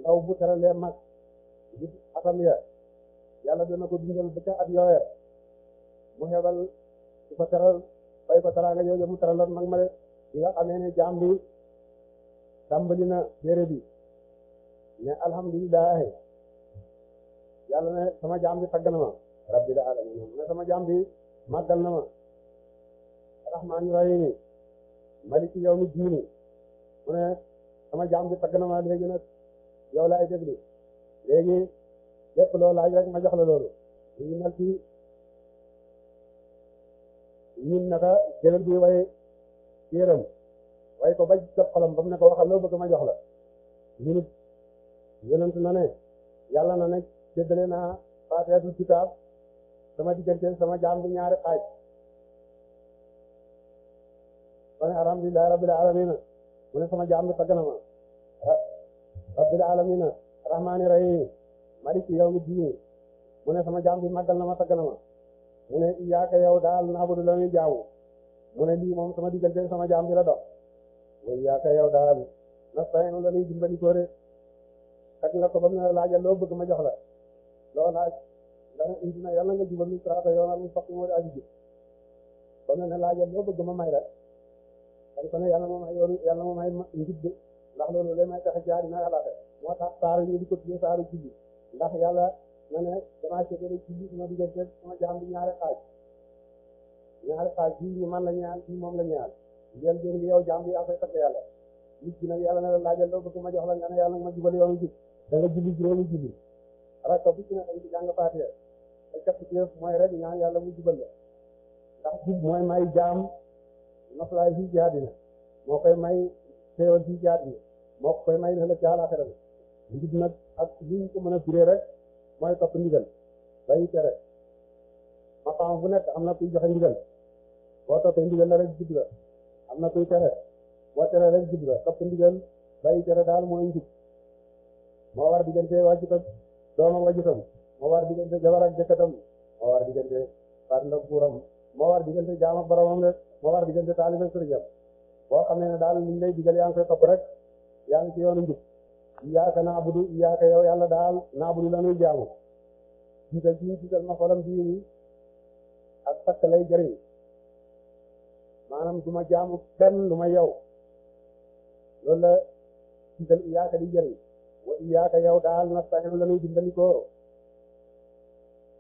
ndaw bu teralee mag gis atam ya yàlla dana ba ca at yooya mu xebal su fa teral bay ko teraanga jooju mu teraloon ma de di nga xamee ne jaam bi tàmbali ne alhamdulilah yàlla ne sama jaam bi tagg na ma rabbil alamin ne sama jaam bi na ma rahmaani rahimi maliki yawmi diini mu ne sama jaam bi na ma léegi nag yow laay déglu léegi lépp rek ma jox la loolu ñu nag ci ñun naka bi way téeram way ko baj sab xolam ba ko waxal loo bëgg ma jox la ñunit yonent na ne yàlla na ne séddale naa kitaab sama diggante sama jaam bi ñaari xaaj ba ne alhamdulillahi rabbil alamin mu sama jaam bi tagg na ma rabbil alamina rahmaani rahim ma yawmi diin mu ne sama jaam bi màggal na ma tagg na ma mu ne iyyaka yow daal na'budu la ñuy jaamu mu lii moom sama diggante sama jaam bi la dox wa iyyaka yow daal nasta'inu la ñuy dimbali ko rek takk nga ko ba mu ne loo bëgg ma jox la loo laaj indi na yàlla nga jubal ñu sirata yoonal mustaqim aji jub ba mu ne laajal loo bëgg ma may la dañ ko ne yàlla ma may yoon yàlla ma may njub ndax loolu lay may tax jaar na yàlla rek moo tax saaru di ko tuddee saaru julli ndax yàlla na ne damaa seetlu julli sama diggante sama jaam bi ñaari xaaj ñaari xaaj bii ñu man la ñaan bii moom la ñaan njël jën bi yow jaam bi yaa yàlla nit ki na la laajal loo bëgg ma jox la nga yàlla ma jubal yoonu jub da nga julli juróomi julli rakka bu ci ne dañ mooy rek ñaan yàlla mu jubal la ndax jub mooy may jaam noflaay fii ci àddina moo koy may xéewal ci jaat bi moo ko koy may ëllëg ci àllaaxira bi njub nag ak li ñu ko mën a firee rek mooy topp ndigal bayi tere maqaam bu nekk am na kuy joxe ndigal boo toppee ndigal la rek jub la am na kuy tere boo tere rek jub la topp ndigal bayi tere daal mooy njub moo war diggante wàjjutam doomam wàjjutam moo war diggante jabar ak jëkkatam moo war diggante far ndag buuram moo war diggante jaam ak boromam rek moo war diggante taalib ak sëriñam boo xamee ne daal liñ lay digal yaa ngi koy topp rek yaa ngi ci yoonu njub iyaaka naabudu iyaaka yow yàlla daal naa lanuy jaamu jiital bii jiital ma xolam bii nii ak takk lay jëriñ maanaam du ma jaamu kenn lu ma yow loolu la jiital di jëriñ wa iyaaka yow daal nasta'iin lanuy dimbalikoo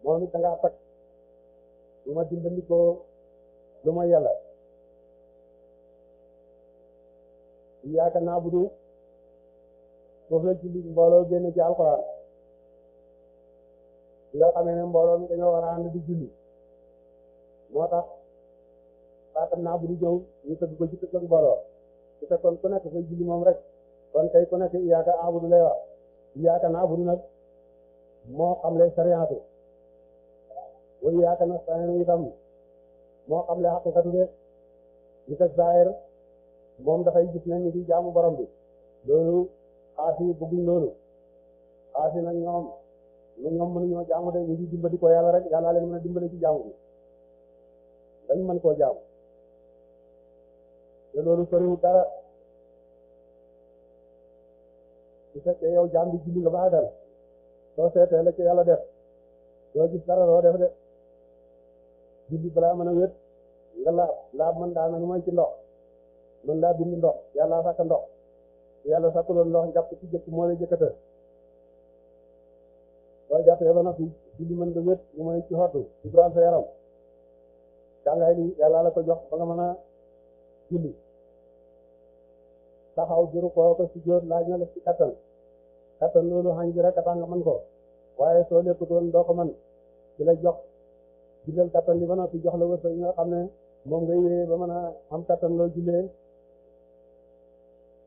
moom it da ngaa takk du ma dimbalikoo lu ma yàlla iyyaka na'budu foofu la julli mbooloo génn ci alxuraan nga xamee ne mbooloo mi dañoo war di julli moo tax baatam na'budu jow ñu tëgg ko ci tëgg ak mbooloo su fekkoon ku nekk fay julli moom rek kon tey ku nekk iyyaka na'budu lay wax iyyaka na'budu nag moo xam le sariyaatu wa iyyaka nasta'iin itam moo xam le xaqiqatu de li sa zaahir moom dafay gis ne nit yi jaamu borom bi loolu xaas yi bëgguñ loolu xaas yi nag ñoom ñoom mënuñoo jaamu de ñu ngi dimbali ko yàlla rek yàlla leen mën a dimbali ci jaamu bi dañ mën koo jaamu te loolu soriwul dara su fekkee yow jaam bi julli nga baax dal soo seetee la ci yàlla def doo gis dara loo def de julli balaa mën a wét nga laab laab man daa mel ni mooy ci man laa bind ndox yàlla sàkk ndox yàlla sàkkuloon ndox jàpp ci jëkk moo lay jëkkata boo ba noppi ci mën nga wét nga mën a ci xottu ci dural sa yaram li yàlla la ko jox ba nga mën a julli taxaw juru ko si jóor laaj na la ci kattan kattan lu xan ji rek a tax ko waaye soo lekkutoon doo ko mën ci la jox julleel kattan li ba noppi jox la wërsëg yi nga xam ne moom ngay wéyee mën am kattan loo jullee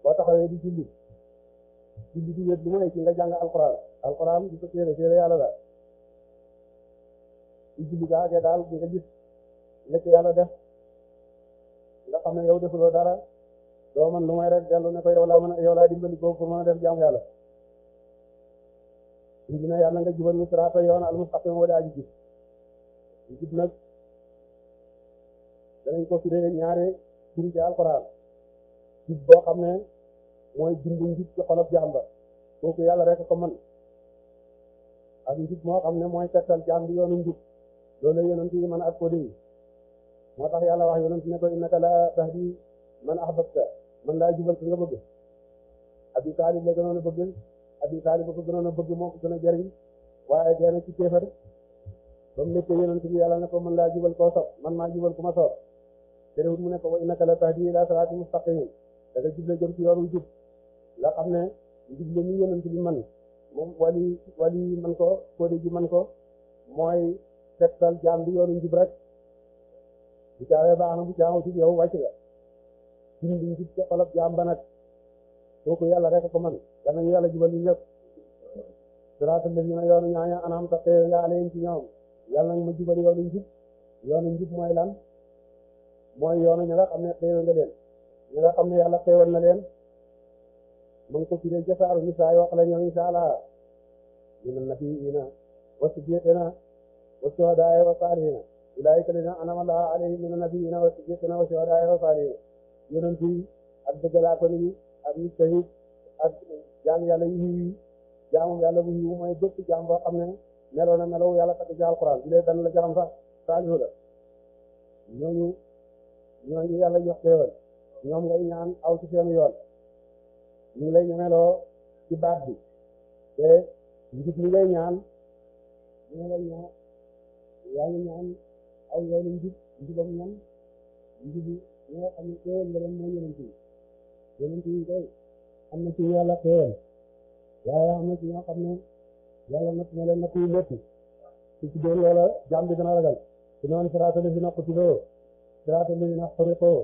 boo taxawee di julli julli di wét lu mu ci nga jàng alquran alquran di ko téere téere yàlla la di julli gaage daal di nga gis lekk yàlla def nga xam ne yow defuloo dara doo man lu may rek dellu ne ko yow laa mën a yow a def jaamu yàlla indi na yàlla nga jubal mu siraata yoon al mustaqim wala aji jub jub nag danañ ko firee ñaare firi ci alquran jub boo xam ne mooy dindi njub ci xolof kooku yàlla rek ko mën ak njub moo xam ne mooy tegtal jaam bi yoonu njub loolu yonent yi mën a ko di moo tax yàlla wax yonent ne ko innaka laa tahdi man ahbabta man laa jubal ki nga bëgg abi taalib la gënoon a bëgg abi taalib ko gënoon a bëgg moo ko gën a jariñ waaye dee na ci kéefar yàlla ne man laa jubal koo sopp man maa jubal ku ma sopp te mu ne ko wa innaka la tahdi ila siraatin mustaqim da nga juble jëm ci jub nga xam ne ndigle mi yonent bi man moom wali wali man ko kóode ji man ko mooy tegtal jaam bi yoonu njub rek bu caawee baax na bu caaw ci yow wàcc nga njub ca xolob jaam ba nag kooku yàlla rek ko man danañu yàlla jubal ñu ñëpp siraatal lazina yoonu ñaaña anam tax tey nga aleen ci ñoom yàlla nag ma jubal yoonu njub yoonu njub mooy lan mooy yoonu ña nga ne xéewal nga leen ña nga ne yàlla xéewal na leen man ko firee jafaaru nisaa yi wax la ñoom insha allah min annabiyina wa siddiqina wa shuhadaai wa saalihina ulaayika lina anama allah alayhim min annabiyina wa siddiqina wa shuhadaai wa saalihina yonent yi ak dëggalaa ko ni ak mujtahid ak jaam yàlla yi yi jaamu yàlla bu yiw mooy bépp jaam boo xam ne meloo na melow yàlla takk ci alquran bi lay benn la jaram sax saalihu la ñooñu ñooñu yàlla jox ñoom ngay ñaan aw seen yoon ñu ngi lay ñaanaloo ci baat bi te njub li ngay ñaan ñu ngi lay ñaan yaa ngi ñaan aw yoonu njub njubam ñan njub ñi nga xam ne xéewal la leen mooy yonent yi yonent yi koy am na ci yàlla xéewal waaye am na ci ñoo xam ne yàlla natt na leen natt yu métti su ci doon loola jàmm bi dana ragal su noonu siraata lazina qutiloo siraata lazina xuriqoo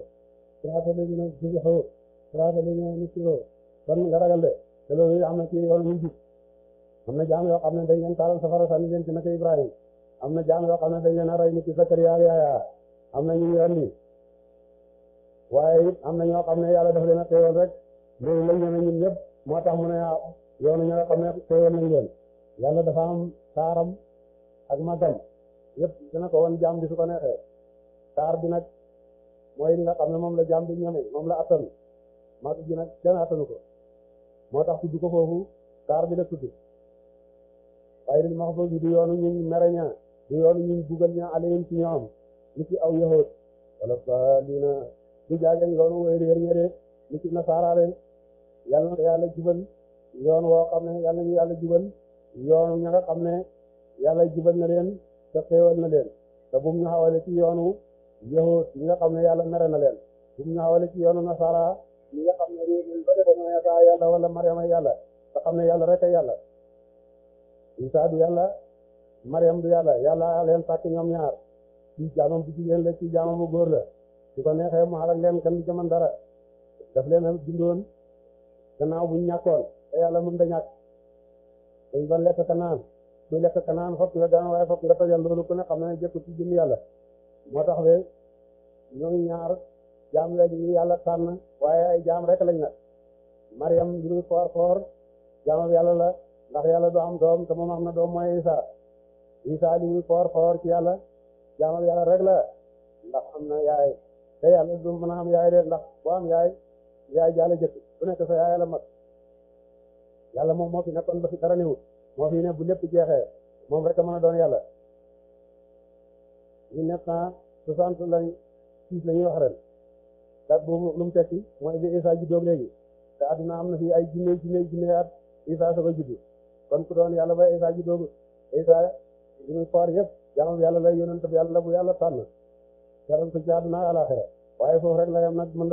siraata lazina jubixoo siraata lazina nusiroo kon nga ragal de te loolu am na ci yoon yu jub am na jaam yoo xam ne dañ leen taalal safara sànni leen ci naka Ibrahim am na jaam yoo xam ne dañ leen a rey ni ci yaa Yaaya am na ñu yoon waaye it am na ñoo xam ne yàlla daf leen a teewal rek loolu lañ ñeme ñun ñëpp moo tax mu ne ah, yoonu ñoo xam ne teewal nañ leen yàlla dafa am taaram ak magam yëpp dina ko wan jaam bi su ko neexee taar bi nag mooy li nga na ne moom la jaam bi ñeme moom la attan mag bi nag kenn ko moo tax tudd ko foofu saar bi la tudd waaye lil maxfuus bi du yoonu ñu mere ña du yoonu ñu bugal ña alayhim ci ñoom ni ci aw yahood wala saalina du jaagen yoonu ña de ni ci nasaara de yàlla na yàlla jubal yoon woo xam ne yàlla ñu yàlla jubal yoonu ña nga xam ne yàlla jubal na leen te xéewal na leen te bum ñu xawale ci yoonu yahood nga xam ne yàlla mere na leen bum ñu xawale ci yoonu nasaara ñi nga xam ne réer nañ ba wala Mariama yàlla te xam ne yàlla rek a yàlla Isaa du yàlla Mariam du yàlla yàlla leen sàkk ñoom ñaar ci jaamam bu jigéen la ci jaamam bu góor la su ko neexee mu xalak leen kenn du ci dara daf leen a bindoon gannaaw bu ñàkkoon te yàlla mën da ñàkk dañ doon lekk ka naan su lekk ka naan fokk nga daan waaye fokk nga tojal loolu ku ne xam ne jëkk ci jëm moo tax be ñoom ñaar jaam lañ yàlla tànn waaye ay jaam rek lañ nag Mariam li foor foor jaamam yàlla la ndax yàlla du am doom te moom am na doom mooy Isa Isa li muy foor foor ci yàlla jaamam yàlla rek la ndax am na yaay te yàlla du mën a am yaay de ndax boo am yaay yaay jàll jëkk bu nekk sa yaay la mag yàlla moom moo fi nekkoon ba fi dara niwut moo fi ne bu lépp jeexee moom rek a mën a doon yàlla mille neuf cent soixante lañ six la ñuy wax ren dat boobu lu mu tekki mooy bi Isa juddoo léegi te adduna am na fi ay junne junne junne at Isa soog a juddu kon ku doon yàlla ba Isa juddoo Isa li muy xool yëpp jaamam yàlla la yonent bi yàlla bu yàlla tànn jaral ko ci adduna ak alaxira waaye foofu rek la yam nag mën